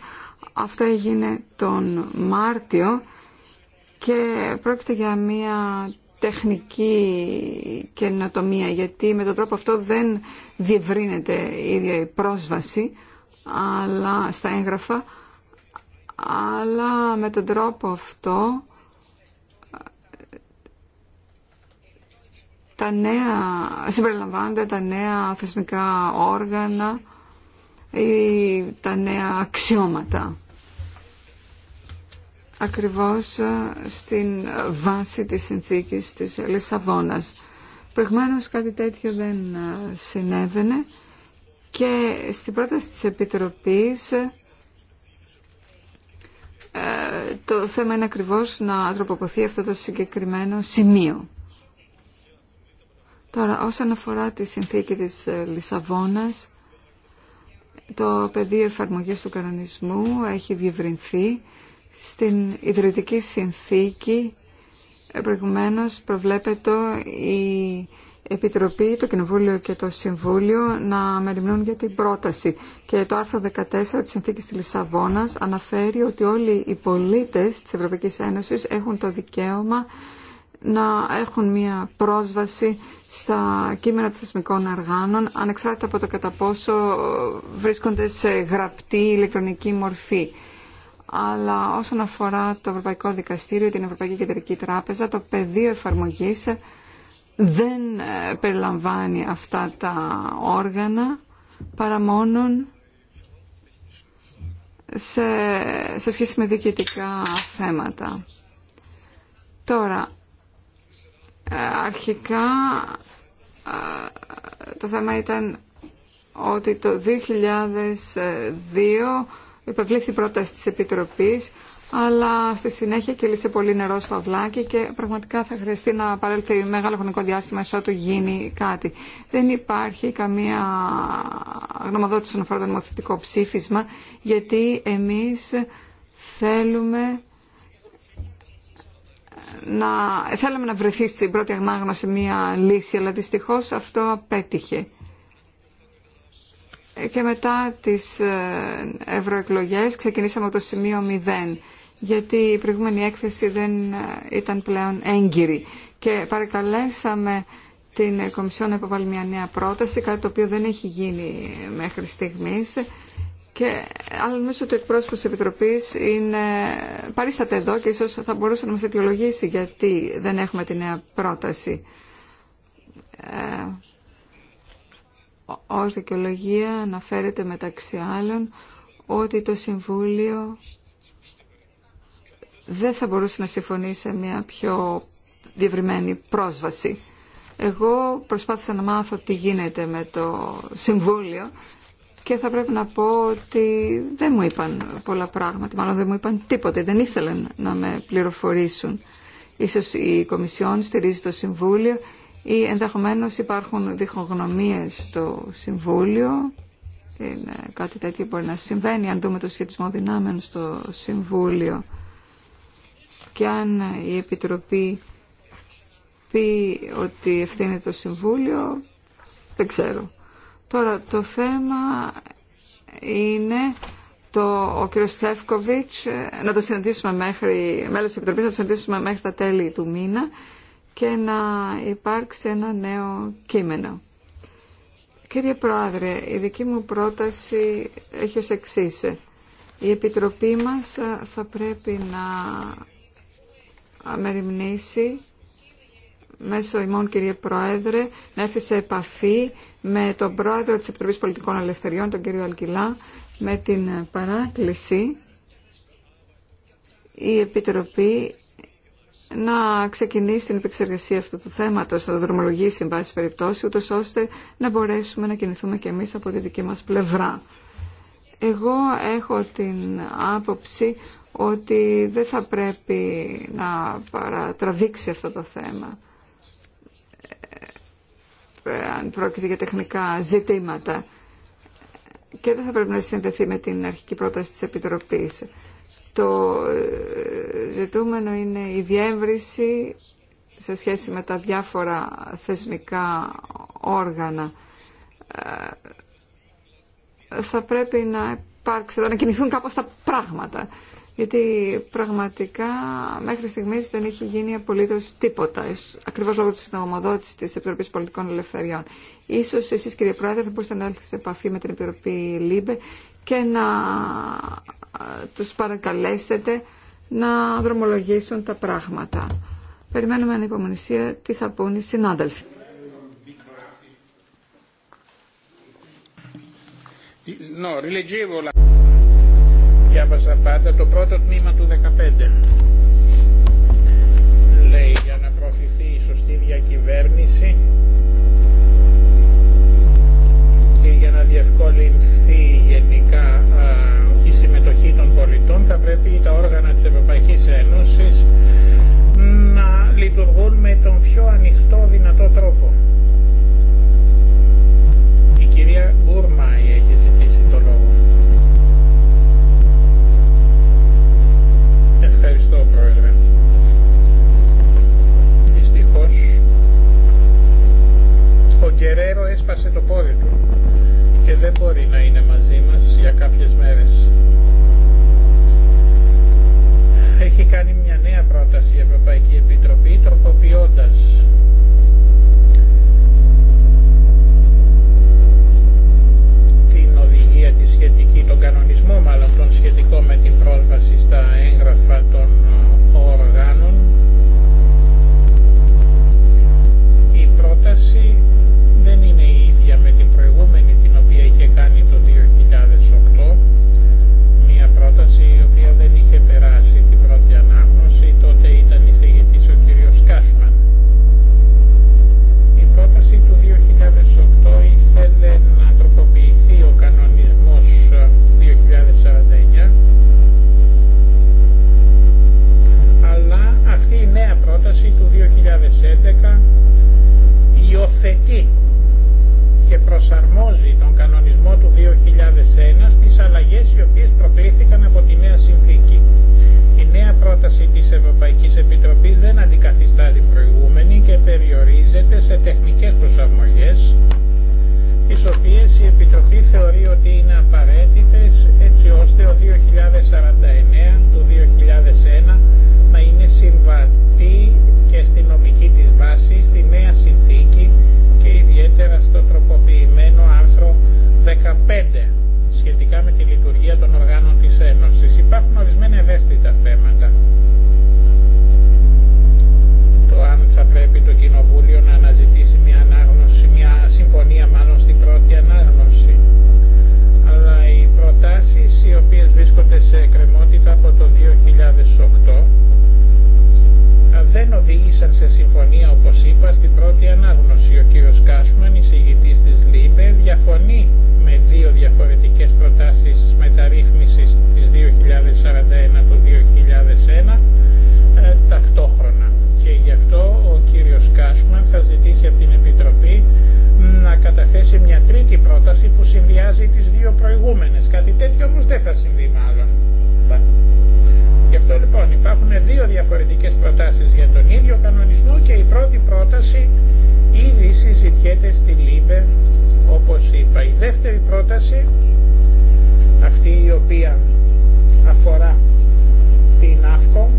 Αυτό έγινε τον Μάρτιο και πρόκειται για μια τεχνική καινοτομία γιατί με τον τρόπο αυτό δεν διευρύνεται η ίδια η πρόσβαση αλλά στα έγγραφα αλλά με τον τρόπο αυτό τα νέα, συμπεριλαμβάνονται τα νέα θεσμικά όργανα ή τα νέα αξιώματα ακριβώς ε, στην βάση της συνθήκης της Λισαβόνας. Προηγμένως κάτι τέτοιο δεν ε, συνέβαινε και στην πρόταση της Επιτροπής ε, το θέμα είναι ακριβώς να τροποποθεί αυτό το συγκεκριμένο σημείο. Τώρα, όσον αφορά τη συνθήκη της Λισαβόνας, το πεδίο εφαρμογής του κανονισμού έχει διευρυνθεί στην ιδρυτική συνθήκη ε, προηγουμένως προβλέπεται η Επιτροπή, το Κοινοβούλιο και το Συμβούλιο να μεριμνούν για την πρόταση. Και το άρθρο 14 της Συνθήκης της Λισαβόνας αναφέρει ότι όλοι οι πολίτες της Ευρωπαϊκής Ένωσης έχουν το δικαίωμα να έχουν μία πρόσβαση στα κείμενα θεσμικών αργάνων ανεξάρτητα από το κατά πόσο βρίσκονται σε γραπτή ηλεκτρονική μορφή αλλά όσον αφορά το Ευρωπαϊκό Δικαστήριο, την Ευρωπαϊκή Κεντρική Τράπεζα, το πεδίο εφαρμογής δεν ε, περιλαμβάνει αυτά τα όργανα παρά μόνο σε, σε σχέση με διοικητικά θέματα. Τώρα, ε, αρχικά ε, το θέμα ήταν ότι το 2002 υπευλήθη πρόταση της Επιτροπής, αλλά στη συνέχεια κυλήσε πολύ νερό στο αυλάκι και πραγματικά θα χρειαστεί να παρέλθει μεγάλο χρονικό διάστημα εσά γίνει κάτι. Δεν υπάρχει καμία γνωμοδότηση όσον αφορά το νομοθετικό ψήφισμα, γιατί εμείς θέλουμε να, θέλαμε να βρεθεί στην πρώτη ανάγνωση μια λύση, αλλά δυστυχώς αυτό απέτυχε και μετά τις ε, ευρωεκλογές ξεκινήσαμε από το σημείο 0 γιατί η προηγούμενη έκθεση δεν ε, ήταν πλέον έγκυρη και παρακαλέσαμε την Κομισιόν να υποβάλει μια νέα πρόταση, κάτι το οποίο δεν έχει γίνει μέχρι στιγμής. Και, ε, αλλά νομίζω ότι ο εκπρόσωπο τη Επιτροπή είναι παρήσατε εδώ και ίσω θα μπορούσε να μα αιτιολογήσει γιατί δεν έχουμε τη νέα πρόταση ως δικαιολογία αναφέρεται μεταξύ άλλων ότι το Συμβούλιο δεν θα μπορούσε να συμφωνεί σε μια πιο διευρυμένη πρόσβαση. Εγώ προσπάθησα να μάθω τι γίνεται με το Συμβούλιο και θα πρέπει να πω ότι δεν μου είπαν πολλά πράγματα, μάλλον δεν μου είπαν τίποτε, δεν ήθελαν να με πληροφορήσουν. Ίσως η Κομισιόν στηρίζει το Συμβούλιο ή ενδεχομένως υπάρχουν διχογνωμίες στο Συμβούλιο. Είναι κάτι τέτοιο μπορεί να συμβαίνει αν δούμε το σχετισμό δυνάμεων στο Συμβούλιο και αν ε, η Επιτροπή πει ότι ευθύνεται το Συμβούλιο, δεν ξέρω. Τώρα το θέμα είναι το, ο κ. Στέφκοβιτς ε, να το συναντήσουμε μέχρι, μέλος της Επιτροπής να το συναντήσουμε μέχρι τα τέλη του μήνα και να υπάρξει ένα νέο κείμενο. Κύριε Πρόεδρε, η δική μου πρόταση έχει ως εξής. Η Επιτροπή μας θα πρέπει να αμεριμνήσει μέσω ημών κύριε Πρόεδρε να έρθει σε επαφή με τον Πρόεδρο της Επιτροπής Πολιτικών Ελευθεριών, τον κύριο Αλκυλά, με την παράκληση η Επιτροπή να ξεκινήσει την επεξεργασία αυτού του θέματος, να το δρομολογήσει, εν πάση περιπτώσει, ούτως ώστε να μπορέσουμε να κινηθούμε και εμείς από τη δική μας πλευρά. Εγώ έχω την άποψη ότι δεν θα πρέπει να παρατραβήξει αυτό το θέμα ε, αν πρόκειται για τεχνικά ζητήματα και δεν θα πρέπει να συνδεθεί με την αρχική πρόταση της Επιτροπής. Το ζητούμενο είναι η διεύρυνση σε σχέση με τα διάφορα θεσμικά όργανα. Ε, θα πρέπει να υπάρξει, να κινηθούν κάπως τα πράγματα. Γιατί πραγματικά μέχρι στιγμής δεν έχει γίνει απολύτως τίποτα, ακριβώς λόγω της νομοδότησης της Επιτροπής Πολιτικών Ελευθεριών. Ίσως εσείς κύριε Πρόεδρε θα μπορούσατε να έρθετε σε επαφή με την Επιτροπή ΛΥΜΠΕ και να ε, τους παρακαλέσετε να δρομολογήσουν τα πράγματα. Περιμένουμε ανυπομονησία τι θα πούν οι συνάδελφοι. No, rileggevo la... πάντα το πρώτο τμήμα του 15. Λέει για να προωθηθεί η σωστή διακυβέρνηση διευκολυνθεί γενικά η συμμετοχή των πολιτών θα πρέπει τα όργανα της Ευρωπαϊκής Ένωσης να λειτουργούν με τον πιο ανοιχτό δυνατό τρόπο. Η κυρία Γκουρμάη έχει ζητήσει το λόγο. Ευχαριστώ Πρόεδρε. Δυστυχώς ο Γκερέρο έσπασε το πόδι του και δεν μπορεί να είναι μαζί μας για κάποιες μέρες. Έχει κάνει μια νέα πρόταση η Ευρωπαϊκή Επιτροπή τροποποιώντας την οδηγία τη σχετική, τον κανονισμό μάλλον τον σχετικό με την πρόσβαση στα έγγραφα των ε, οργάνων. Η πρόταση δεν είναι η ίδια με την προηγούμενη τέτοιο όμως δεν θα συμβεί μάλλον. Γι' αυτό λοιπόν υπάρχουν δύο διαφορετικές προτάσεις για τον ίδιο κανονισμό και η πρώτη πρόταση ήδη συζητιέται στη ΛΥΜΠΕ όπως είπα. Η δεύτερη πρόταση, αυτή η οποία αφορά την ΑΦΚΟ,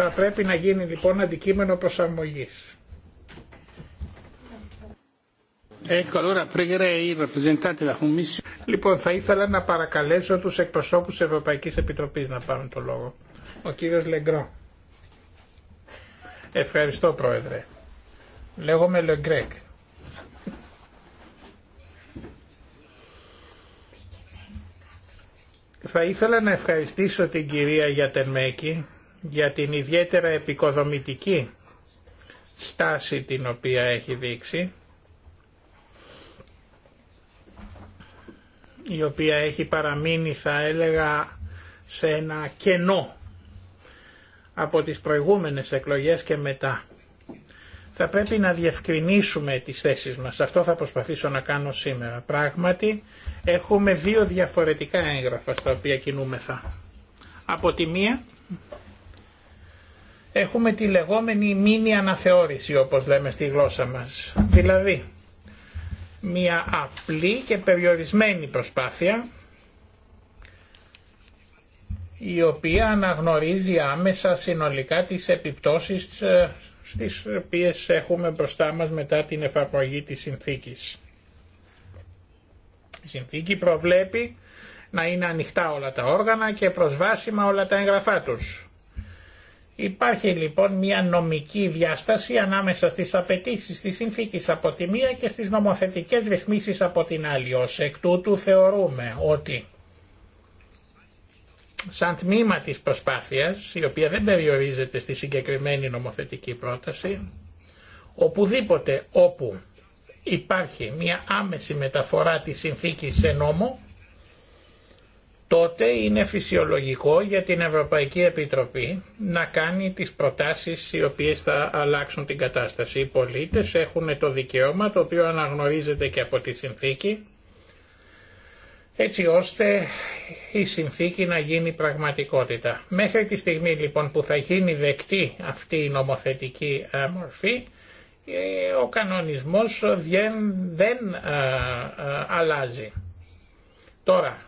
θα πρέπει να γίνει λοιπόν αντικείμενο προσαρμογής. Λοιπόν, θα ήθελα να παρακαλέσω τους εκπροσώπους της Ευρωπαϊκής Επιτροπής να πάρουν το λόγο. Ο κύριος Λεγκρό. Ευχαριστώ, Πρόεδρε. Λέγομαι Λεγκρέκ. Θα ήθελα να ευχαριστήσω την κυρία Γιατεμέκη, για την ιδιαίτερα επικοδομητική στάση την οποία έχει δείξει, η οποία έχει παραμείνει θα έλεγα σε ένα κενό από τις προηγούμενες εκλογές και μετά. Θα πρέπει να διευκρινίσουμε τις θέσεις μας. Αυτό θα προσπαθήσω να κάνω σήμερα. Πράγματι, έχουμε δύο διαφορετικά έγγραφα στα οποία κινούμεθα. Από τη μία, έχουμε τη λεγόμενη μήνυ αναθεώρηση όπως λέμε στη γλώσσα μας. Δηλαδή μια απλή και περιορισμένη προσπάθεια η οποία αναγνωρίζει άμεσα συνολικά τις επιπτώσεις ε, στις οποίες έχουμε μπροστά μας μετά την εφαρμογή της συνθήκης. Η συνθήκη προβλέπει να είναι ανοιχτά όλα τα όργανα και προσβάσιμα όλα τα έγγραφά τους. Υπάρχει λοιπόν μια νομική διάσταση ανάμεσα στις απαιτήσει της συνθήκης από τη μία και στις νομοθετικές ρυθμίσεις από την άλλη. Ως εκ τούτου θεωρούμε ότι σαν τμήμα της προσπάθειας, η οποία δεν περιορίζεται στη συγκεκριμένη νομοθετική πρόταση, οπουδήποτε όπου υπάρχει μια άμεση μεταφορά της συνθήκης σε νόμο, τότε είναι φυσιολογικό για την Ευρωπαϊκή Επιτροπή να κάνει τις προτάσεις οι οποίες θα αλλάξουν την κατάσταση. Οι πολίτες έχουν το δικαίωμα το οποίο αναγνωρίζεται και από τη συνθήκη έτσι ώστε η συνθήκη να γίνει πραγματικότητα. Μέχρι τη στιγμή λοιπόν που θα γίνει δεκτή αυτή η νομοθετική ε, μορφή, ε, ο κανονισμός δεν, δεν ε, αλλάζει. Τώρα,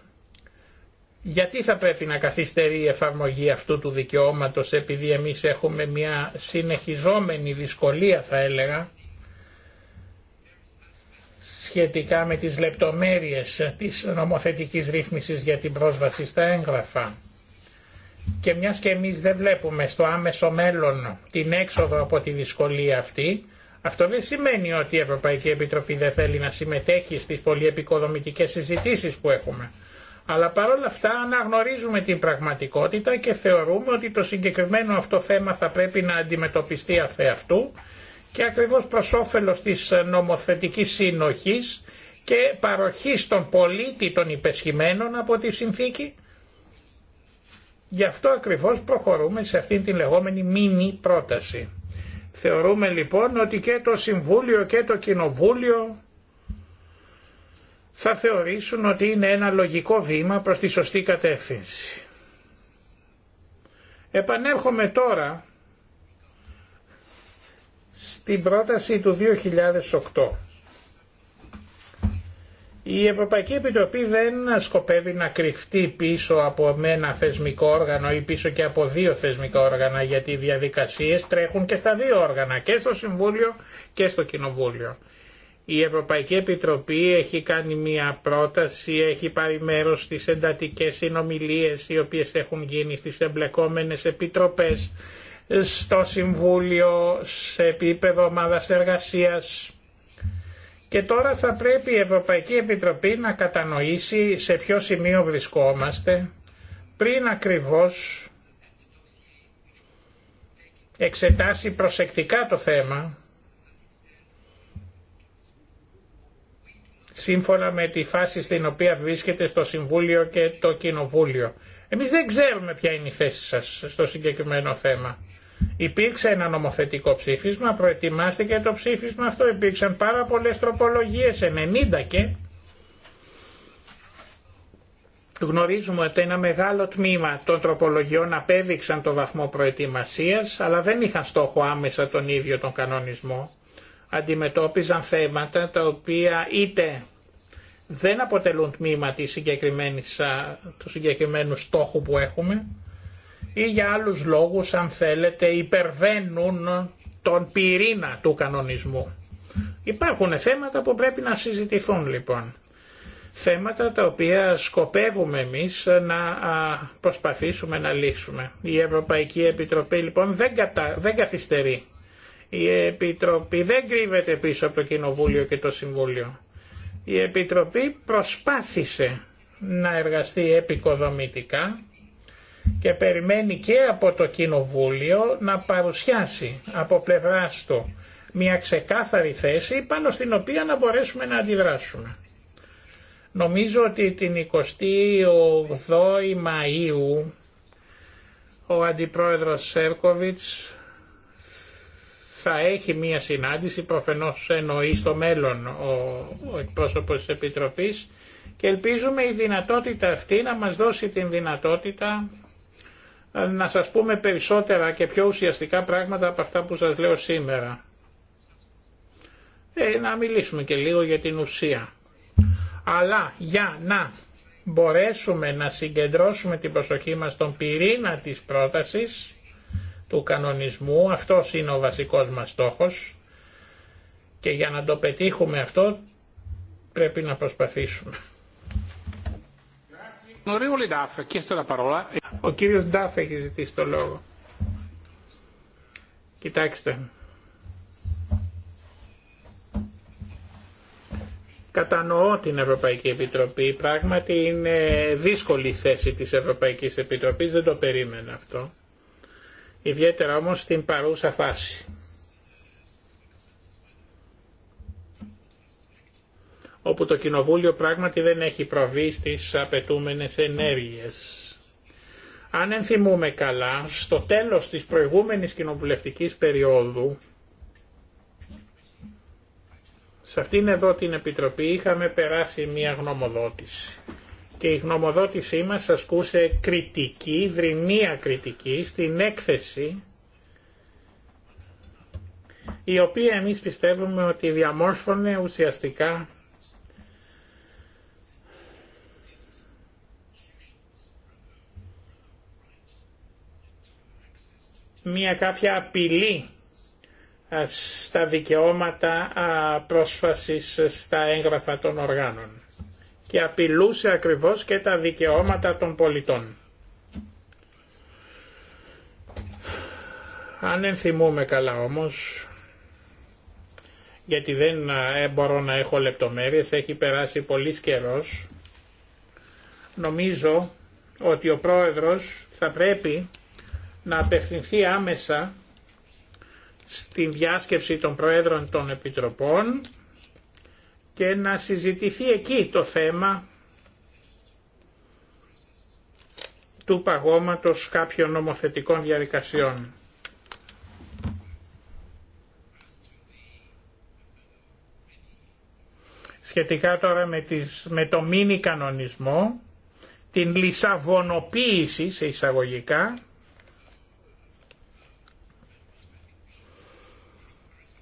γιατί θα πρέπει να καθυστερεί η εφαρμογή αυτού του δικαιώματος επειδή εμείς έχουμε μια συνεχιζόμενη δυσκολία θα έλεγα σχετικά με τις λεπτομέρειες της νομοθετικής ρύθμισης για την πρόσβαση στα έγγραφα. Και μιας και εμείς δεν βλέπουμε στο άμεσο μέλλον την έξοδο από τη δυσκολία αυτή, αυτό δεν σημαίνει ότι η Ευρωπαϊκή Επιτροπή δεν θέλει να συμμετέχει στις πολυεπικοδομητικές συζητήσεις που έχουμε. Αλλά παρόλα αυτά αναγνωρίζουμε την πραγματικότητα και θεωρούμε ότι το συγκεκριμένο αυτό θέμα θα πρέπει να αντιμετωπιστεί αυτού και ακριβώς προς όφελος της νομοθετικής συνοχής και παροχής των πολίτη των υπεσχημένων από τη συνθήκη. Γι' αυτό ακριβώς προχωρούμε σε αυτήν την λεγόμενη μίνι πρόταση. Θεωρούμε λοιπόν ότι και το Συμβούλιο και το Κοινοβούλιο θα θεωρήσουν ότι είναι ένα λογικό βήμα προς τη σωστή κατεύθυνση. Επανέρχομαι τώρα στην πρόταση του 2008. Η Ευρωπαϊκή Επιτροπή δεν σκοπεύει να κρυφτεί πίσω από ένα θεσμικό όργανο ή πίσω και από δύο θεσμικά όργανα γιατί οι διαδικασίες τρέχουν και στα δύο όργανα και στο Συμβούλιο και στο Κοινοβούλιο. Η Ευρωπαϊκή Επιτροπή έχει κάνει μια πρόταση, έχει πάρει μέρος στις εντατικές συνομιλίες οι οποίες έχουν γίνει στις εμπλεκόμενες επιτροπές, στο Συμβούλιο, σε επίπεδο ομάδας εργασίας. Και τώρα θα πρέπει η Ευρωπαϊκή Επιτροπή να κατανοήσει σε ποιο σημείο βρισκόμαστε, πριν ακριβώς εξετάσει προσεκτικά το θέμα σύμφωνα με τη φάση στην οποία βρίσκεται στο Συμβούλιο και το Κοινοβούλιο. Εμείς δεν ξέρουμε ποια είναι η θέση σας στο συγκεκριμένο θέμα. Υπήρξε ένα νομοθετικό ψήφισμα, προετοιμάστηκε το ψήφισμα αυτό, υπήρξαν πάρα πολλές τροπολογίες, 90 και. Γνωρίζουμε ότι ένα μεγάλο τμήμα των τροπολογιών απέδειξαν το βαθμό προετοιμασίας, αλλά δεν είχαν στόχο άμεσα τον ίδιο τον κανονισμό αντιμετώπιζαν θέματα τα οποία είτε δεν αποτελούν τμήμα συγκεκριμένης, του συγκεκριμένου στόχου που έχουμε ή για άλλους λόγους αν θέλετε υπερβαίνουν τον πυρήνα του κανονισμού. Υπάρχουν θέματα που πρέπει να συζητηθούν λοιπόν. Θέματα τα οποία σκοπεύουμε εμείς να προσπαθήσουμε να λύσουμε. Η Ευρωπαϊκή Επιτροπή λοιπόν δεν, κατα... δεν καθυστερεί η Επιτροπή δεν κρύβεται πίσω από το Κοινοβούλιο και το Συμβούλιο. Η Επιτροπή προσπάθησε να εργαστεί επικοδομητικά και περιμένει και από το Κοινοβούλιο να παρουσιάσει από πλευρά του μια ξεκάθαρη θέση πάνω στην οποία να μπορέσουμε να αντιδράσουμε. Νομίζω ότι την 28η Μαΐου ο Αντιπρόεδρος Σέρκοβιτς θα έχει μία συνάντηση, προφανώς εννοεί στο μέλλον ο, ο εκπρόσωπος της Επιτροπής και ελπίζουμε η δυνατότητα αυτή να μας δώσει την δυνατότητα ε, να σας πούμε περισσότερα και πιο ουσιαστικά πράγματα από αυτά που σας λέω σήμερα. Ε, να μιλήσουμε και λίγο για την ουσία. Αλλά για να μπορέσουμε να συγκεντρώσουμε την προσοχή μας στον πυρήνα της πρότασης, του κανονισμού. Αυτός είναι ο βασικός μας στόχος και για να το πετύχουμε αυτό πρέπει να προσπαθήσουμε. Ο κύριος Ντάφ έχει ζητήσει το λόγο. Κοιτάξτε. Κατανοώ την Ευρωπαϊκή Επιτροπή. Πράγματι είναι δύσκολη θέση της Ευρωπαϊκής Επιτροπής. Δεν το περίμενα αυτό ιδιαίτερα όμως στην παρούσα φάση. όπου το Κοινοβούλιο πράγματι δεν έχει προβεί στις απαιτούμενες ενέργειες. Αν ενθυμούμε καλά, στο τέλος της προηγούμενης κοινοβουλευτικής περίοδου, σε αυτήν εδώ την Επιτροπή είχαμε περάσει μία γνωμοδότηση και η γνωμοδότησή μας ασκούσε κριτική, δρυμία κριτική στην έκθεση η οποία εμείς πιστεύουμε ότι διαμόρφωνε ουσιαστικά μία κάποια απειλή στα δικαιώματα πρόσφασης στα έγγραφα των οργάνων και απειλούσε ακριβώς και τα δικαιώματα των πολιτών. Αν ενθυμούμε καλά όμως, γιατί δεν ε, μπορώ να έχω λεπτομέρειες, έχει περάσει πολύ καιρός, νομίζω ότι ο πρόεδρος θα πρέπει να απευθυνθεί άμεσα στην διάσκεψη των Προέδρων των Επιτροπών και να συζητηθεί εκεί το θέμα του παγώματος κάποιων νομοθετικών διαδικασιών. Σχετικά τώρα με, τις, το μήνυ κανονισμό, την λισαβονοποίηση σε εισαγωγικά,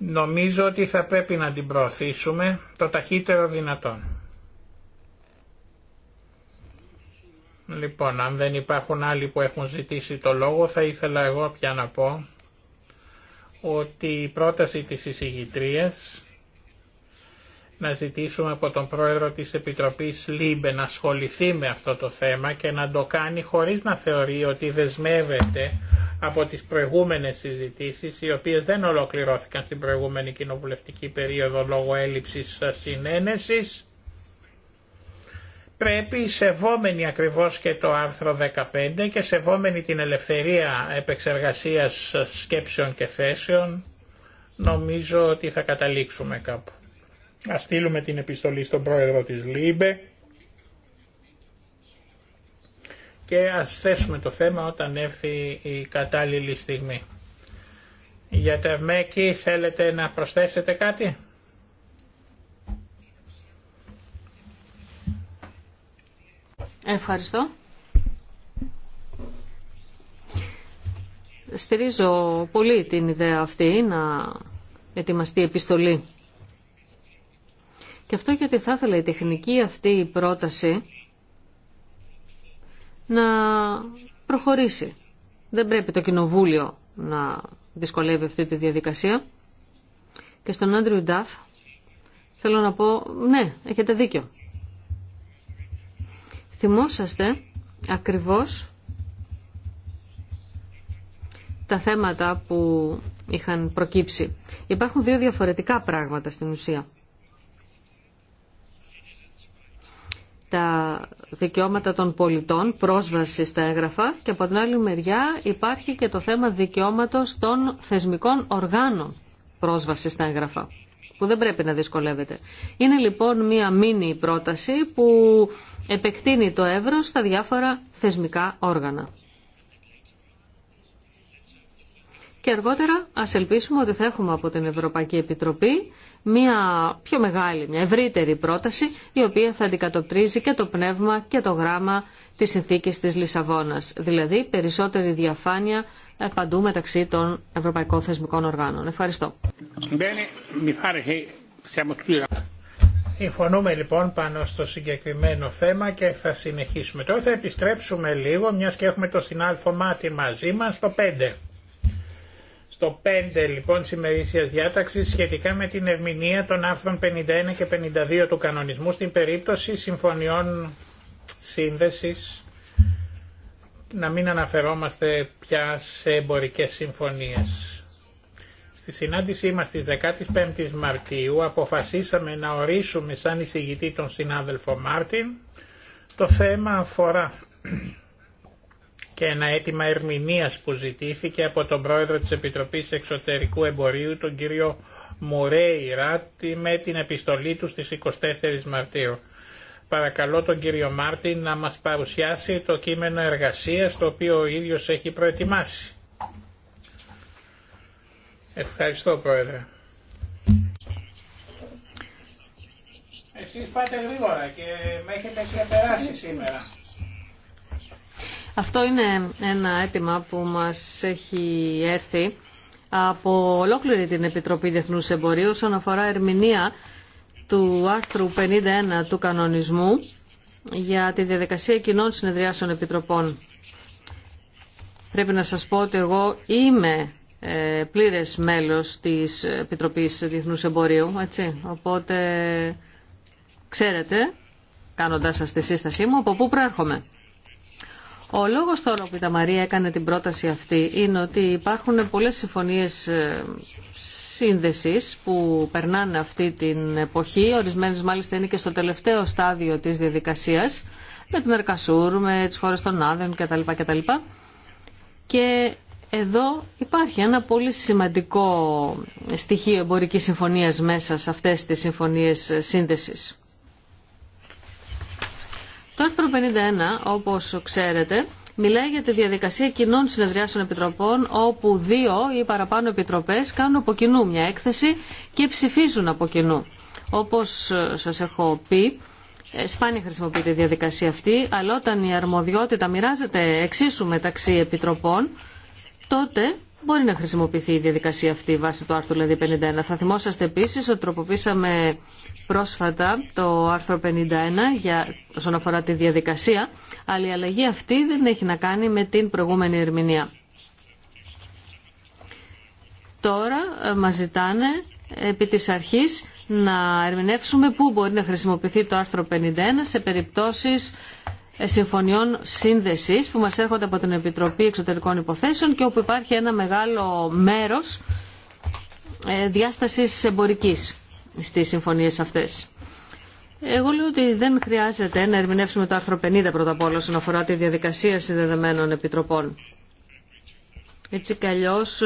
Νομίζω ότι θα πρέπει να την προωθήσουμε το ταχύτερο δυνατόν. Λοιπόν, αν δεν υπάρχουν άλλοι που έχουν ζητήσει το λόγο, θα ήθελα εγώ πια να πω ότι η πρόταση της εισηγητρίας να ζητήσουμε από τον πρόεδρο της Επιτροπής ΛΥΜΠΕ να ασχοληθεί με αυτό το θέμα και να το κάνει χωρίς να θεωρεί ότι δεσμεύεται από τις προηγούμενες συζητήσεις, οι οποίες δεν ολοκληρώθηκαν στην προηγούμενη κοινοβουλευτική περίοδο λόγω έλλειψης ε, συνένεσης, πρέπει σεβόμενοι ακριβώς και το άρθρο 15 και σεβόμενοι την ελευθερία επεξεργασίας σκέψεων και θέσεων, νομίζω ότι θα καταλήξουμε κάπου. Ας στείλουμε την επιστολή στον πρόεδρο της ΛΥΜΠΕ, και ας θέσουμε το θέμα όταν έρθει η κατάλληλη στιγμή. Για τα ΜΕΚΙ θέλετε να προσθέσετε κάτι. Ευχαριστώ. Στηρίζω πολύ την ιδέα αυτή να ετοιμαστεί επιστολή. Και αυτό γιατί θα ήθελα η τεχνική αυτή η πρόταση να προχωρήσει. Δεν πρέπει το Κοινοβούλιο να δυσκολεύει αυτή τη διαδικασία. Και στον Άντριου Νταφ θέλω να πω, ναι, έχετε δίκιο. Θυμόσαστε ακριβώς τα θέματα που είχαν προκύψει. Υπάρχουν δύο διαφορετικά πράγματα στην ουσία. τα δικαιώματα των πολιτών, πρόσβαση στα έγγραφα και από την άλλη μεριά υπάρχει και το θέμα δικαιώματος των θεσμικών οργάνων πρόσβαση στα έγγραφα που δεν πρέπει να δυσκολεύεται. Είναι λοιπόν μία μίνι πρόταση που επεκτείνει το εύρος στα διάφορα θεσμικά όργανα. Και αργότερα ας ελπίσουμε ότι θα έχουμε από την Ευρωπαϊκή Επιτροπή μια πιο μεγάλη, μια ευρύτερη πρόταση η οποία θα αντικατοπτρίζει και το πνεύμα και το γράμμα της συνθήκης της Λισαβόνας. Δηλαδή περισσότερη διαφάνεια ε, παντού μεταξύ των Ευρωπαϊκών Θεσμικών Οργάνων. Ευχαριστώ. Συμφωνούμε λοιπόν πάνω στο συγκεκριμένο θέμα και θα συνεχίσουμε. Τώρα θα επιστρέψουμε λίγο, μιας και έχουμε το συνάλφο μάτι μαζί μας, το 5 στο 5 λοιπόν της ημερήσιας διάταξης σχετικά με την ερμηνεία των άρθρων 51 και 52 του κανονισμού στην περίπτωση συμφωνιών σύνδεσης να μην αναφερόμαστε πια σε εμπορικές συμφωνίες. Στη συνάντησή μας της 15ης Μαρτίου αποφασίσαμε να ορίσουμε σαν εισηγητή τον συνάδελφο Μάρτιν. Το θέμα αφορά και ένα αίτημα ερμηνείας που ζητήθηκε από τον πρόεδρο της Επιτροπής Εξωτερικού Εμπορίου, τον κύριο Μουρέιρα, με την επιστολή του στις 24 Μαρτίου. Παρακαλώ τον κύριο Μάρτιν να μας παρουσιάσει το κείμενο εργασίας το οποίο ο ίδιος έχει προετοιμάσει. Ευχαριστώ πρόεδρε. Εσείς πάτε γρήγορα και με έχετε ξεπεράσει σήμερα. Αυτό είναι ένα αίτημα που μας έχει έρθει από ολόκληρη την Επιτροπή Διεθνού Εμπορίου όσον αφορά ερμηνεία του άρθρου 51 του κανονισμού για τη διαδικασία κοινών συνεδριάσεων επιτροπών. Πρέπει να σας πω ότι εγώ είμαι ε, πλήρες μέλος της Επιτροπής Διεθνούς Εμπορίου, έτσι. Οπότε ξέρετε, κάνοντας σας τη σύστασή μου, από πού προέρχομαι. Ο λόγος τώρα που η Ταμαρία έκανε την πρόταση αυτή είναι ότι υπάρχουν πολλές συμφωνίες ε, σύνδεσης που περνάνε αυτή την εποχή, ορισμένες μάλιστα είναι και στο τελευταίο στάδιο της διαδικασία, με την Ερκασούρ, με τι χώρε των Άδεν κτλ. κτλ. Και εδώ υπάρχει ένα πολύ σημαντικό στοιχείο εμπορική συμφωνία μέσα σε αυτές τις συμφωνίες ε, σύνδεσης. Το άρθρο 51, όπως ξέρετε, μιλάει για τη διαδικασία κοινών συνεδριάσεων επιτροπών, όπου δύο ή παραπάνω επιτροπές κάνουν από κοινού μια έκθεση και ψηφίζουν από κοινού. Όπως ε, σας έχω πει, ε, σπάνια χρησιμοποιείται η διαδικασία αυτή, αλλά όταν η αρμοδιότητα μοιράζεται εξίσου μεταξύ επιτροπών, τότε μπορεί να χρησιμοποιηθεί η διαδικασία αυτή βάσει του άρθρου 51. Θα θυμόσαστε επίσης ότι τροποποίησαμε πρόσφατα το άρθρο 51 για, όσον αφορά τη διαδικασία, αλλά η αλλαγή αυτή δεν έχει να κάνει με την προηγούμενη ερμηνεία. Τώρα ε, μας ζητάνε επί της αρχής να ερμηνεύσουμε πού μπορεί να χρησιμοποιηθεί το άρθρο 51 σε περιπτώσεις συμφωνιών σύνδεση που μας έρχονται από την Επιτροπή Εξωτερικών Υποθέσεων και όπου υπάρχει ένα μεγάλο μέρος ε, διάσταση εμπορικής στις συμφωνίες αυτές. Εγώ λέω ότι δεν χρειάζεται να ερμηνεύσουμε το άρθρο 50 πρώτα απ' όλα όσον αφορά τη διαδικασία συνδεδεμένων επιτροπών. Έτσι κι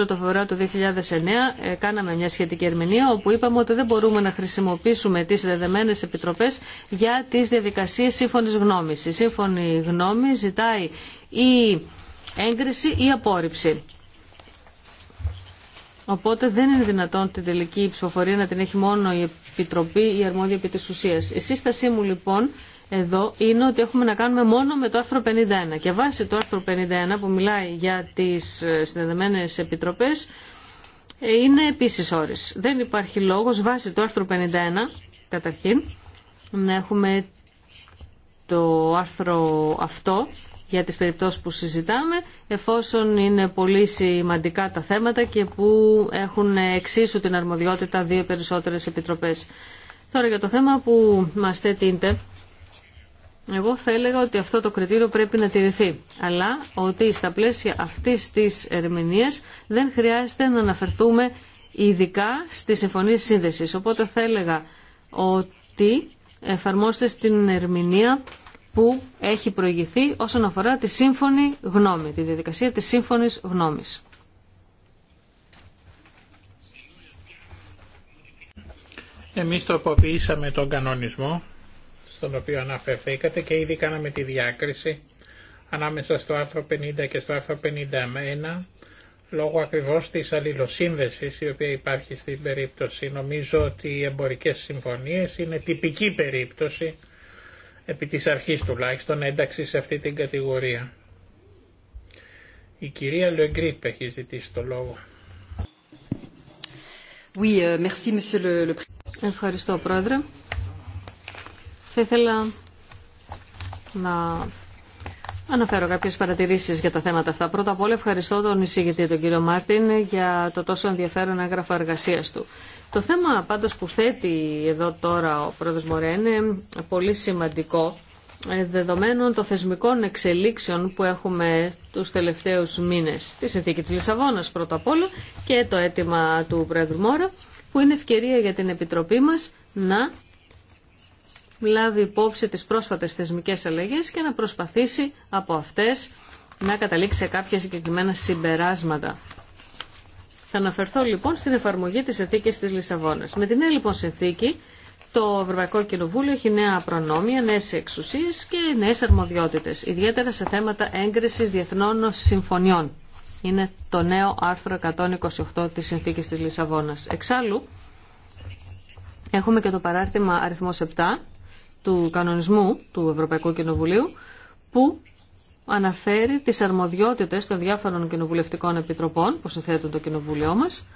το Φεβρουάριο του 2009 κάναμε μια σχετική ερμηνεία όπου είπαμε ότι δεν μπορούμε να χρησιμοποιήσουμε τις δεδεμένε επιτροπές για τις διαδικασίες σύμφωνη γνώμης. Η σύμφωνη γνώμη ζητάει ή έγκριση ή απόρριψη. Οπότε δεν είναι δυνατόν την τελική ψηφοφορία να την έχει μόνο η Επιτροπή ή η αρμόδια επί της ουσίας. Η σύστασή μου λοιπόν εδώ είναι ότι έχουμε να κάνουμε μόνο με το άρθρο 51. Και βάσει το άρθρο 51 που μιλάει για τις ε, συνδεδεμένες επιτροπές ε, είναι επίσης όρις. Δεν υπάρχει λόγος βάσει το άρθρο 51 καταρχήν να έχουμε το άρθρο αυτό για τις περιπτώσεις που συζητάμε, εφόσον είναι πολύ σημαντικά τα θέματα και που έχουν εξίσου την αρμοδιότητα δύο περισσότερες επιτροπές. Τώρα για το θέμα που μας θέτει εγώ θα έλεγα ότι αυτό το κριτήριο πρέπει να τηρηθεί, αλλά ότι στα πλαίσια αυτής της ερμηνείας δεν χρειάζεται να αναφερθούμε ειδικά στις συμφωνίες σύνδεσης. Οπότε θα έλεγα ότι εφαρμόστε στην ερμηνεία που έχει προηγηθεί όσον αφορά τη σύμφωνη γνώμη, τη διαδικασία της σύμφωνης γνώμης. Εμείς τροποποιήσαμε τον κανονισμό στον οποίο αναφερθήκατε και ήδη κάναμε τη διάκριση ανάμεσα στο άρθρο 50 και στο άρθρο 51 λόγω ακριβώς της αλληλοσύνδεσης η οποία υπάρχει στην περίπτωση. Νομίζω ότι οι εμπορικές συμφωνίες είναι τυπική περίπτωση επί της αρχής τουλάχιστον ένταξη σε αυτή την κατηγορία. Η κυρία Λεγκρίπ έχει ζητήσει το λόγο. Euh, Ευχαριστώ πρόεδρε. Θα ήθελα να αναφέρω κάποιες παρατηρήσεις για τα θέματα αυτά. Πρώτα απ' όλα ευχαριστώ τον εισηγητή τον κύριο Μάρτιν για το τόσο ενδιαφέρον έγγραφο εργασία του. Το θέμα πάντως που θέτει εδώ τώρα ο πρόεδρος Μωρέ είναι πολύ σημαντικό ε, δεδομένων των θεσμικών εξελίξεων που έχουμε τους τελευταίους μήνες. Τη συνθήκη της Λισαβόνας πρώτα απ' όλα και το αίτημα του Πρόεδρου Μόρα που είναι ευκαιρία για την Επιτροπή μας να λάβει υπόψη τις πρόσφατες θεσμικές αλλαγές και να προσπαθήσει από αυτές να καταλήξει σε κάποια συγκεκριμένα συμπεράσματα. Θα αναφερθώ λοιπόν στην εφαρμογή της συνθήκη της Λισαβόνας. Με την νέα λοιπόν συνθήκη το Ευρωπαϊκό Κοινοβούλιο έχει νέα προνόμια, νέες εξουσίες και νέες αρμοδιότητες, ιδιαίτερα σε θέματα έγκρισης διεθνών συμφωνιών. Είναι το νέο άρθρο 128 της Συνθήκης της Λισαβόνας. Εξάλλου, έχουμε και το παράρτημα αριθμός 7, του κανονισμού του Ευρωπαϊκού Κοινοβουλίου που αναφέρει τις αρμοδιότητες των διάφορων κοινοβουλευτικών επιτροπών που συνθέτουν το κοινοβούλιο μας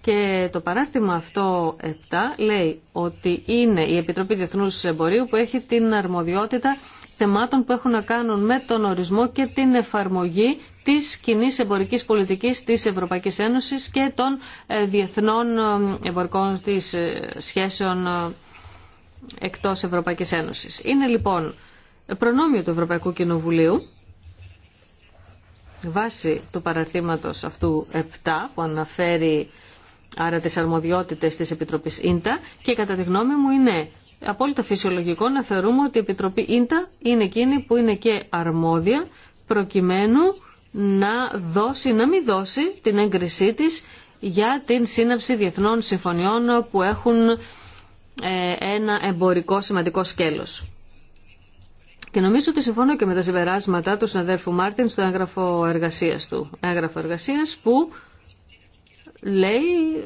και το παράρτημα αυτό 7 λέει ότι είναι η Επιτροπή Διεθνούς Εμπορίου που έχει την αρμοδιότητα θεμάτων που έχουν να κάνουν με τον ορισμό και την εφαρμογή της κοινή εμπορικής πολιτικής της Ευρωπαϊκής Ένωσης και των ε, διεθνών ε, εμπορικών της ε, σχέσεων εκτός Ευρωπαϊκής Ένωσης. Είναι λοιπόν προνόμιο του Ευρωπαϊκού Κοινοβουλίου βάσει του παραρτήματος αυτού 7 που αναφέρει άρα τις αρμοδιότητες της Επιτροπής ΙΝΤΑ και κατά τη γνώμη μου είναι απόλυτα φυσιολογικό να θεωρούμε ότι η Επιτροπή ΙΝΤΑ είναι εκείνη που είναι και αρμόδια προκειμένου να δώσει, να μην δώσει την έγκρισή της για την σύναψη διεθνών συμφωνιών που έχουν ε, ένα εμπορικό σημαντικό σκέλος. Και νομίζω ότι συμφωνώ και με τα συμπεράσματα του συναδέλφου Μάρτιν στο έγγραφο εργασίας του. Έγγραφο εργασίας που λέει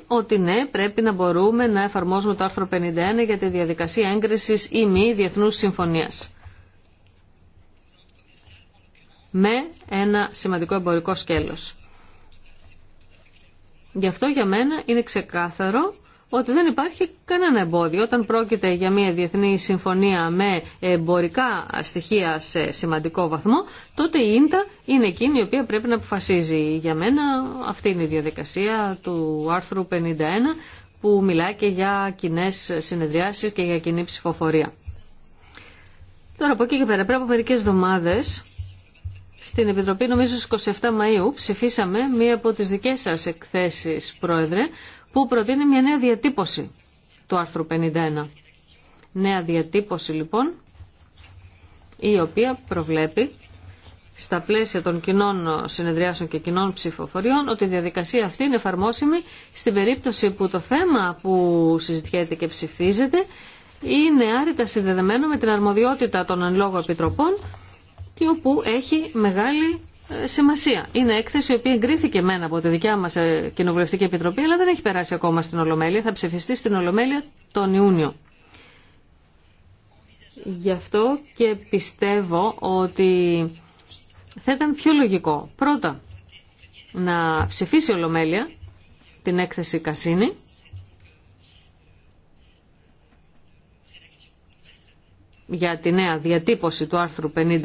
ότι ναι, πρέπει να μπορούμε να εφαρμόζουμε το άρθρο 51 για τη διαδικασία έγκρισης ή μη διεθνούς συμφωνίας. Με ένα σημαντικό εμπορικό σκέλος. Γι' αυτό για μένα είναι ξεκάθαρο ότι δεν υπάρχει κανένα εμπόδιο όταν πρόκειται για μια διεθνή συμφωνία με εμπορικά στοιχεία σε σημαντικό βαθμό, τότε η ίντα είναι εκείνη η οποία πρέπει να αποφασίζει. Για μένα αυτή είναι η διαδικασία του άρθρου 51 που μιλάει και για κοινέ συνεδριάσεις και για κοινή ψηφοφορία. Τώρα από εκεί και πέρα, πριν από μερικέ εβδομάδε, στην Επιτροπή νομίζω στις 27 Μαΐου ψηφίσαμε μία από τις δικές σας εκθέσεις, Πρόεδρε, που προτείνει μια νέα διατύπωση του άρθρου 51. Νέα διατύπωση λοιπόν η οποία προβλέπει στα πλαίσια των κοινών συνεδριάσεων και κοινών ψηφοφοριών ότι η διαδικασία αυτή είναι εφαρμόσιμη στην περίπτωση που το θέμα που συζητιέται και ψηφίζεται είναι άρρητα συνδεδεμένο με την αρμοδιότητα των ανλόγων επιτροπών και όπου έχει μεγάλη σημασία. Είναι έκθεση η οποία εγκρίθηκε μένα από τη δικιά μας ε, Κοινοβουλευτική Επιτροπή, αλλά δεν έχει περάσει ακόμα στην Ολομέλεια. Θα ψηφιστεί στην Ολομέλεια τον Ιούνιο. Γι' αυτό και πιστεύω ότι θα ήταν πιο λογικό πρώτα να ψηφίσει η Ολομέλεια την έκθεση Κασίνη για τη νέα διατύπωση του άρθρου 51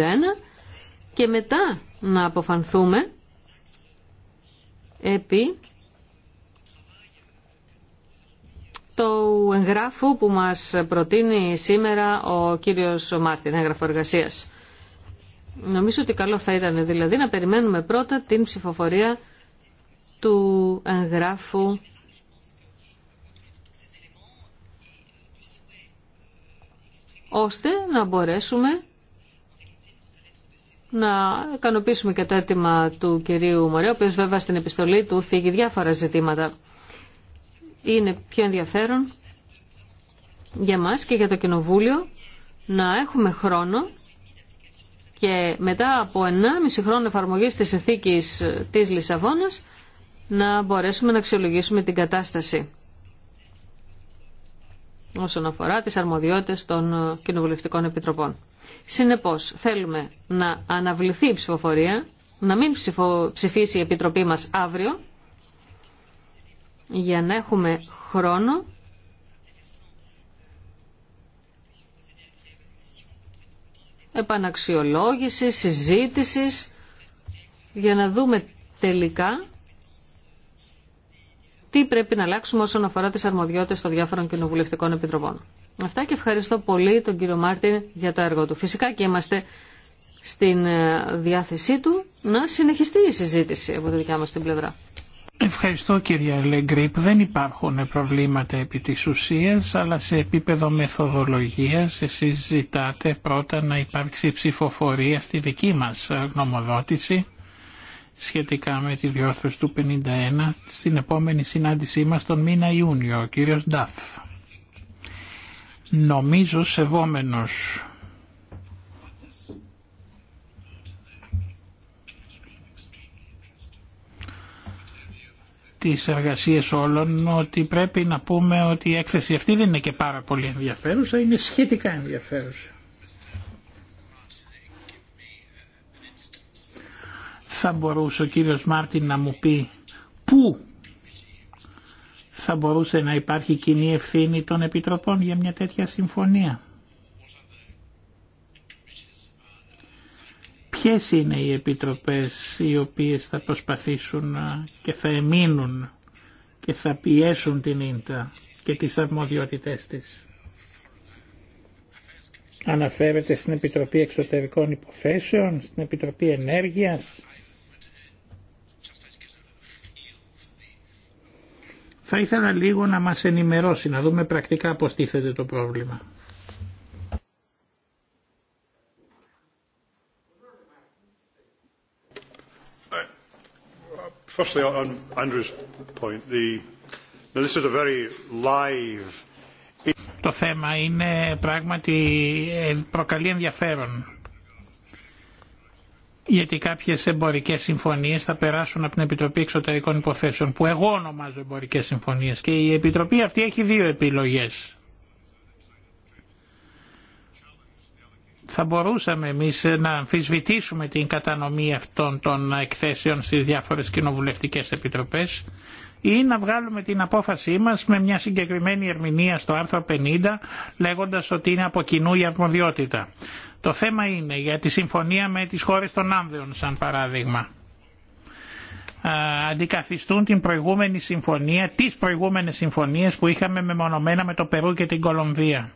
και μετά να αποφανθούμε επί το εγγράφου που μας προτείνει σήμερα ο κύριος Μάρτιν, έγγραφο εργασία. Νομίζω ότι καλό θα ήταν δηλαδή να περιμένουμε πρώτα την ψηφοφορία του εγγράφου ώστε να μπορέσουμε να ικανοποιήσουμε και το αίτημα του κυρίου Μωρέ, ο οποίο βέβαια στην επιστολή του θίγει διάφορα ζητήματα. Είναι πιο ενδιαφέρον για μας και για το Κοινοβούλιο να έχουμε χρόνο και μετά από 1,5 χρόνο εφαρμογής της εθήκης της Λισαβόνας να μπορέσουμε να αξιολογήσουμε την κατάσταση όσον αφορά τις αρμοδιότητες των ε, κοινοβουλευτικών επιτροπών. Συνεπώς, θέλουμε να αναβληθεί η ψηφοφορία, να μην ψηφίσει η Επιτροπή μας αύριο, για να έχουμε χρόνο επαναξιολόγησης, συζήτησης, για να δούμε τελικά τι πρέπει να αλλάξουμε όσον αφορά τι αρμοδιότητε των διάφορων κοινοβουλευτικών επιτροπών. Αυτά και ευχαριστώ πολύ τον κύριο Μάρτιν για το έργο του. Φυσικά και είμαστε στην ε, διάθεσή του να συνεχιστεί η συζήτηση από τη δικιά μας την πλευρά. Ευχαριστώ κύριε Λεγκρίπ. Δεν υπάρχουν προβλήματα επί της ουσίας, αλλά σε επίπεδο μεθοδολογίας εσείς ζητάτε πρώτα να υπάρξει ψηφοφορία στη δική μας γνωμοδότηση σχετικά με τη διόρθωση του 51 στην επόμενη συνάντησή μας τον μήνα Ιούνιο, ο κύριος Νταφ. Νομίζω σεβόμενος τις εργασίες όλων ότι πρέπει να πούμε ότι η έκθεση αυτή δεν είναι και πάρα πολύ ενδιαφέρουσα, είναι σχετικά ενδιαφέρουσα. θα μπορούσε ο κύριος Μάρτιν να μου πει πού θα μπορούσε να υπάρχει κοινή ευθύνη των Επιτροπών για μια τέτοια συμφωνία. Ποιες είναι οι Επιτροπές οι οποίες θα προσπαθήσουν και θα εμείνουν και θα πιέσουν την ίντα και τις αρμοδιότητές της. Αναφέρεται στην Επιτροπή Εξωτερικών Υποθέσεων, στην Επιτροπή Ενέργειας, Θα ήθελα λίγο να μας ενημερώσει, να δούμε πρακτικά πώς τίθεται το πρόβλημα. Το θέμα είναι πράγματι ε, προκαλεί ενδιαφέρον γιατί κάποιες εμπορικές συμφωνίες θα περάσουν από την Επιτροπή Εξωτερικών Υποθέσεων που εγώ ονομάζω εμπορικές συμφωνίες και η Επιτροπή αυτή έχει δύο επιλογές. Θα μπορούσαμε εμείς να αμφισβητήσουμε την κατανομή αυτών των εκθέσεων στις διάφορες κοινοβουλευτικές επιτροπές ή να βγάλουμε την απόφασή μας με μια συγκεκριμένη ερμηνεία στο άρθρο 50 λέγοντας ότι είναι από κοινού η αρμοδιότητα. Το θέμα είναι για τη συμφωνία με τις χώρες των Άνδεων σαν παράδειγμα. Αντικαθιστούν την προηγούμενη συμφωνία, τις προηγούμενες συμφωνίες που είχαμε μεμονωμένα με το Περού και την Κολομβία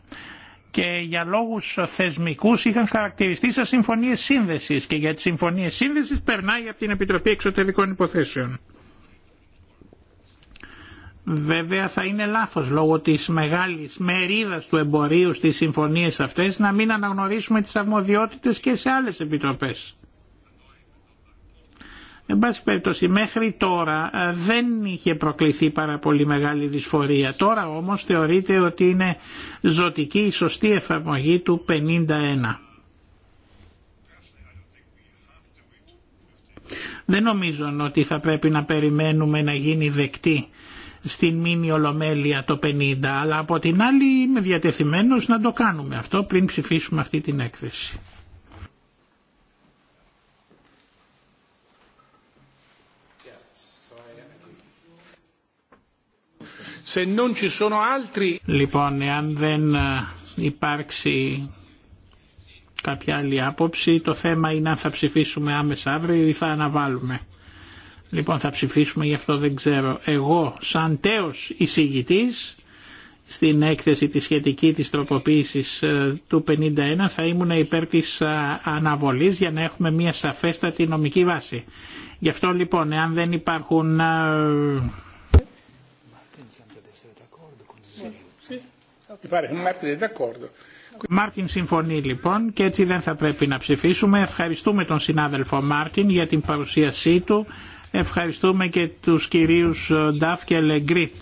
και για λόγους θεσμικούς είχαν χαρακτηριστεί σαν συμφωνίες σύνδεσης και για τις συμφωνίες σύνδεσης περνάει από την Επιτροπή Εξωτερικών Υποθέσεων. Βέβαια θα είναι λάθος λόγω της μεγάλης μερίδας του εμπορίου στις συμφωνίες αυτές να μην αναγνωρίσουμε τις αρμοδιότητες και σε άλλες επιτροπές. Εν πάση περιπτώσει μέχρι τώρα ε, δεν είχε προκληθεί πάρα πολύ μεγάλη δυσφορία. Τώρα όμως θεωρείται ότι είναι ζωτική η σωστή εφαρμογή του 51. Δεν νομίζω ότι θα πρέπει να περιμένουμε να γίνει δεκτή στην μήνυ Ολομέλεια το 50, αλλά από την άλλη είμαι διατεθειμένος να το κάνουμε αυτό πριν ψηφίσουμε αυτή την έκθεση. Λοιπόν, εάν δεν ε, υπάρξει κάποια άλλη άποψη, το θέμα είναι αν θα ψηφίσουμε άμεσα αύριο ή θα αναβάλουμε. Λοιπόν θα ψηφίσουμε γι' αυτό δεν ξέρω. Εγώ σαν τέος εισηγητής στην έκθεση της σχετική της τροποποίησης ε, του 51 θα ήμουν υπέρ της ε, αναβολής για να έχουμε μια σαφέστατη νομική βάση. Γι' αυτό λοιπόν εάν δεν υπάρχουν... Ε, Μάρτιν συμφωνεί λοιπόν και έτσι δεν θα πρέπει να ψηφίσουμε. Ευχαριστούμε τον συνάδελφο Μάρτιν για την παρουσίασή του. Ευχαριστούμε και τους κυρίους ε, Νταφ και Λεγκρίπ.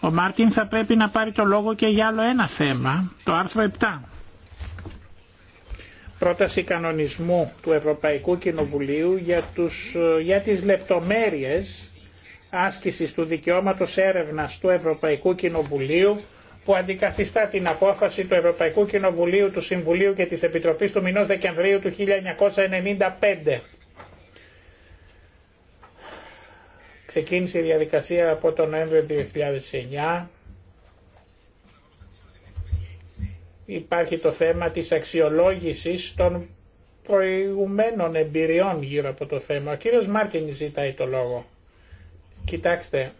Ο Μάρτιν θα πρέπει να πάρει το λόγο και για άλλο ένα θέμα, το άρθρο 7. Πρόταση κανονισμού του Ευρωπαϊκού Κοινοβουλίου για, τους, ε, για τις λεπτομέρειες άσκησης του δικαιώματος έρευνας του Ευρωπαϊκού Κοινοβουλίου που αντικαθιστά την απόφαση του Ευρωπαϊκού Κοινοβουλίου, του Συμβουλίου και της Επιτροπής του μηνός Δεκεμβρίου του 1995 Ξεκίνησε η διαδικασία από τον Νοέμβριο 2009. Υπάρχει το θέμα της αξιολόγησης των προηγουμένων εμπειριών γύρω από το θέμα. Ο κύριος Μάρτιν ζητάει το λόγο. Κοιτάξτε,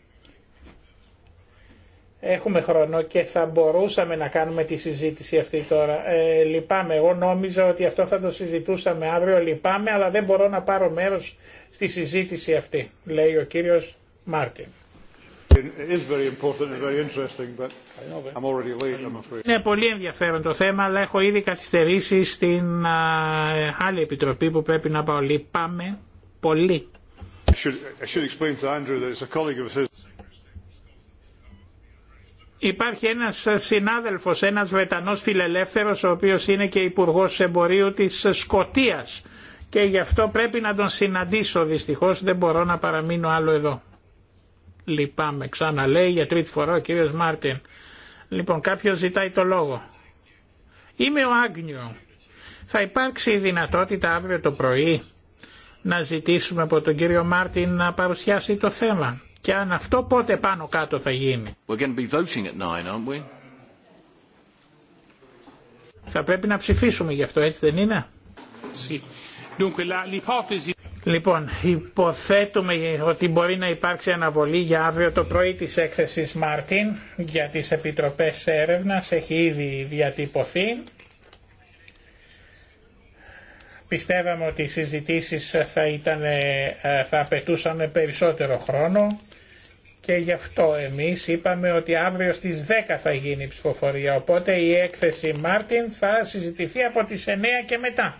Έχουμε χρόνο και θα μπορούσαμε να κάνουμε τη συζήτηση αυτή τώρα. Ε, λυπάμαι, εγώ νόμιζα ότι αυτό θα το συζητούσαμε αύριο. Λυπάμαι, αλλά δεν μπορώ να πάρω μέρος στη συζήτηση αυτή, λέει ο κύριος Μάρτιν. Είναι πολύ ενδιαφέρον το θέμα, αλλά έχω ήδη καθυστερήσει στην άλλη επιτροπή που πρέπει να πάω. Λυπάμαι πολύ. Υπάρχει ένας συνάδελφος, ένας Βρετανός φιλελεύθερος, ο οποίος είναι και Υπουργός Εμπορίου της Σκοτίας και γι' αυτό πρέπει να τον συναντήσω δυστυχώς, δεν μπορώ να παραμείνω άλλο εδώ. Λυπάμαι, ξαναλέει για τρίτη φορά ο κύριος Μάρτιν. Λοιπόν, κάποιος ζητάει το λόγο. Είμαι ο Άγνιο. Θα υπάρξει η δυνατότητα αύριο το πρωί να ζητήσουμε από τον κύριο Μάρτιν να παρουσιάσει το θέμα. Και αν αυτό πότε πάνω κάτω θα γίνει. Θα πρέπει να ψηφίσουμε γι' αυτό, έτσι δεν είναι. Λοιπόν, υποθέτουμε ότι μπορεί να υπάρξει αναβολή για αύριο το πρωί της έκθεσης Μάρτιν για τις επιτροπές έρευνας, έχει ήδη διατυπωθεί. Πιστεύαμε ότι οι συζητήσεις θα, ήταν, ε, θα απαιτούσαν περισσότερο χρόνο και γι' αυτό εμείς είπαμε ότι αύριο στις 10 θα γίνει η ψηφοφορία, οπότε η έκθεση Μάρτιν θα συζητηθεί από τις 9 και μετά.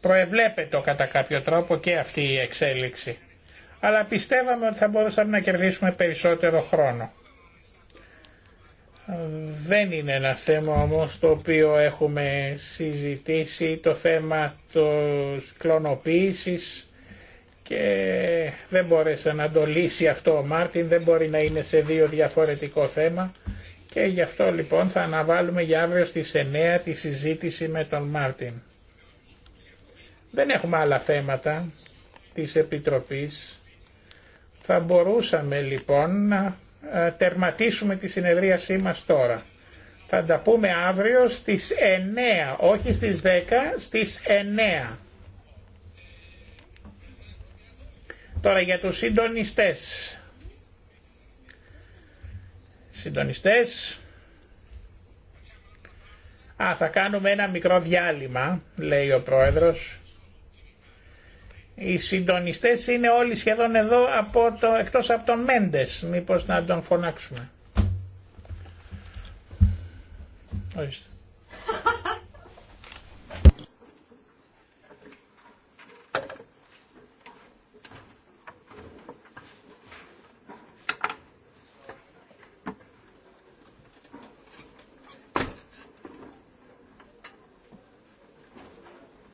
Προεβλέπεται κατά κάποιο τρόπο και αυτή η εξέλιξη. Αλλά πιστεύαμε ότι θα μπορούσαμε να κερδίσουμε περισσότερο χρόνο. Δεν είναι ένα θέμα όμως το οποίο έχουμε συζητήσει, το θέμα της κλωνοποίησης και δεν μπόρεσε να το λύσει αυτό ο Μάρτιν, δεν μπορεί να είναι σε δύο διαφορετικό θέμα και γι' αυτό λοιπόν θα αναβάλουμε για αύριο στις 9 τη συζήτηση με τον Μάρτιν. Δεν έχουμε άλλα θέματα της Επιτροπής. Θα μπορούσαμε λοιπόν να ε, τερματίσουμε τη συνεδρίασή μας τώρα. Θα τα πούμε αύριο στις 9, όχι στις 10, στις 9. Τώρα για τους συντονιστές. Συντονιστές. Α, θα κάνουμε ένα μικρό διάλειμμα, λέει ο πρόεδρος. Οι συντονιστές είναι όλοι σχεδόν εδώ από το, εκτός από τον Μέντες. Μήπως να τον φωνάξουμε. Ορίστε.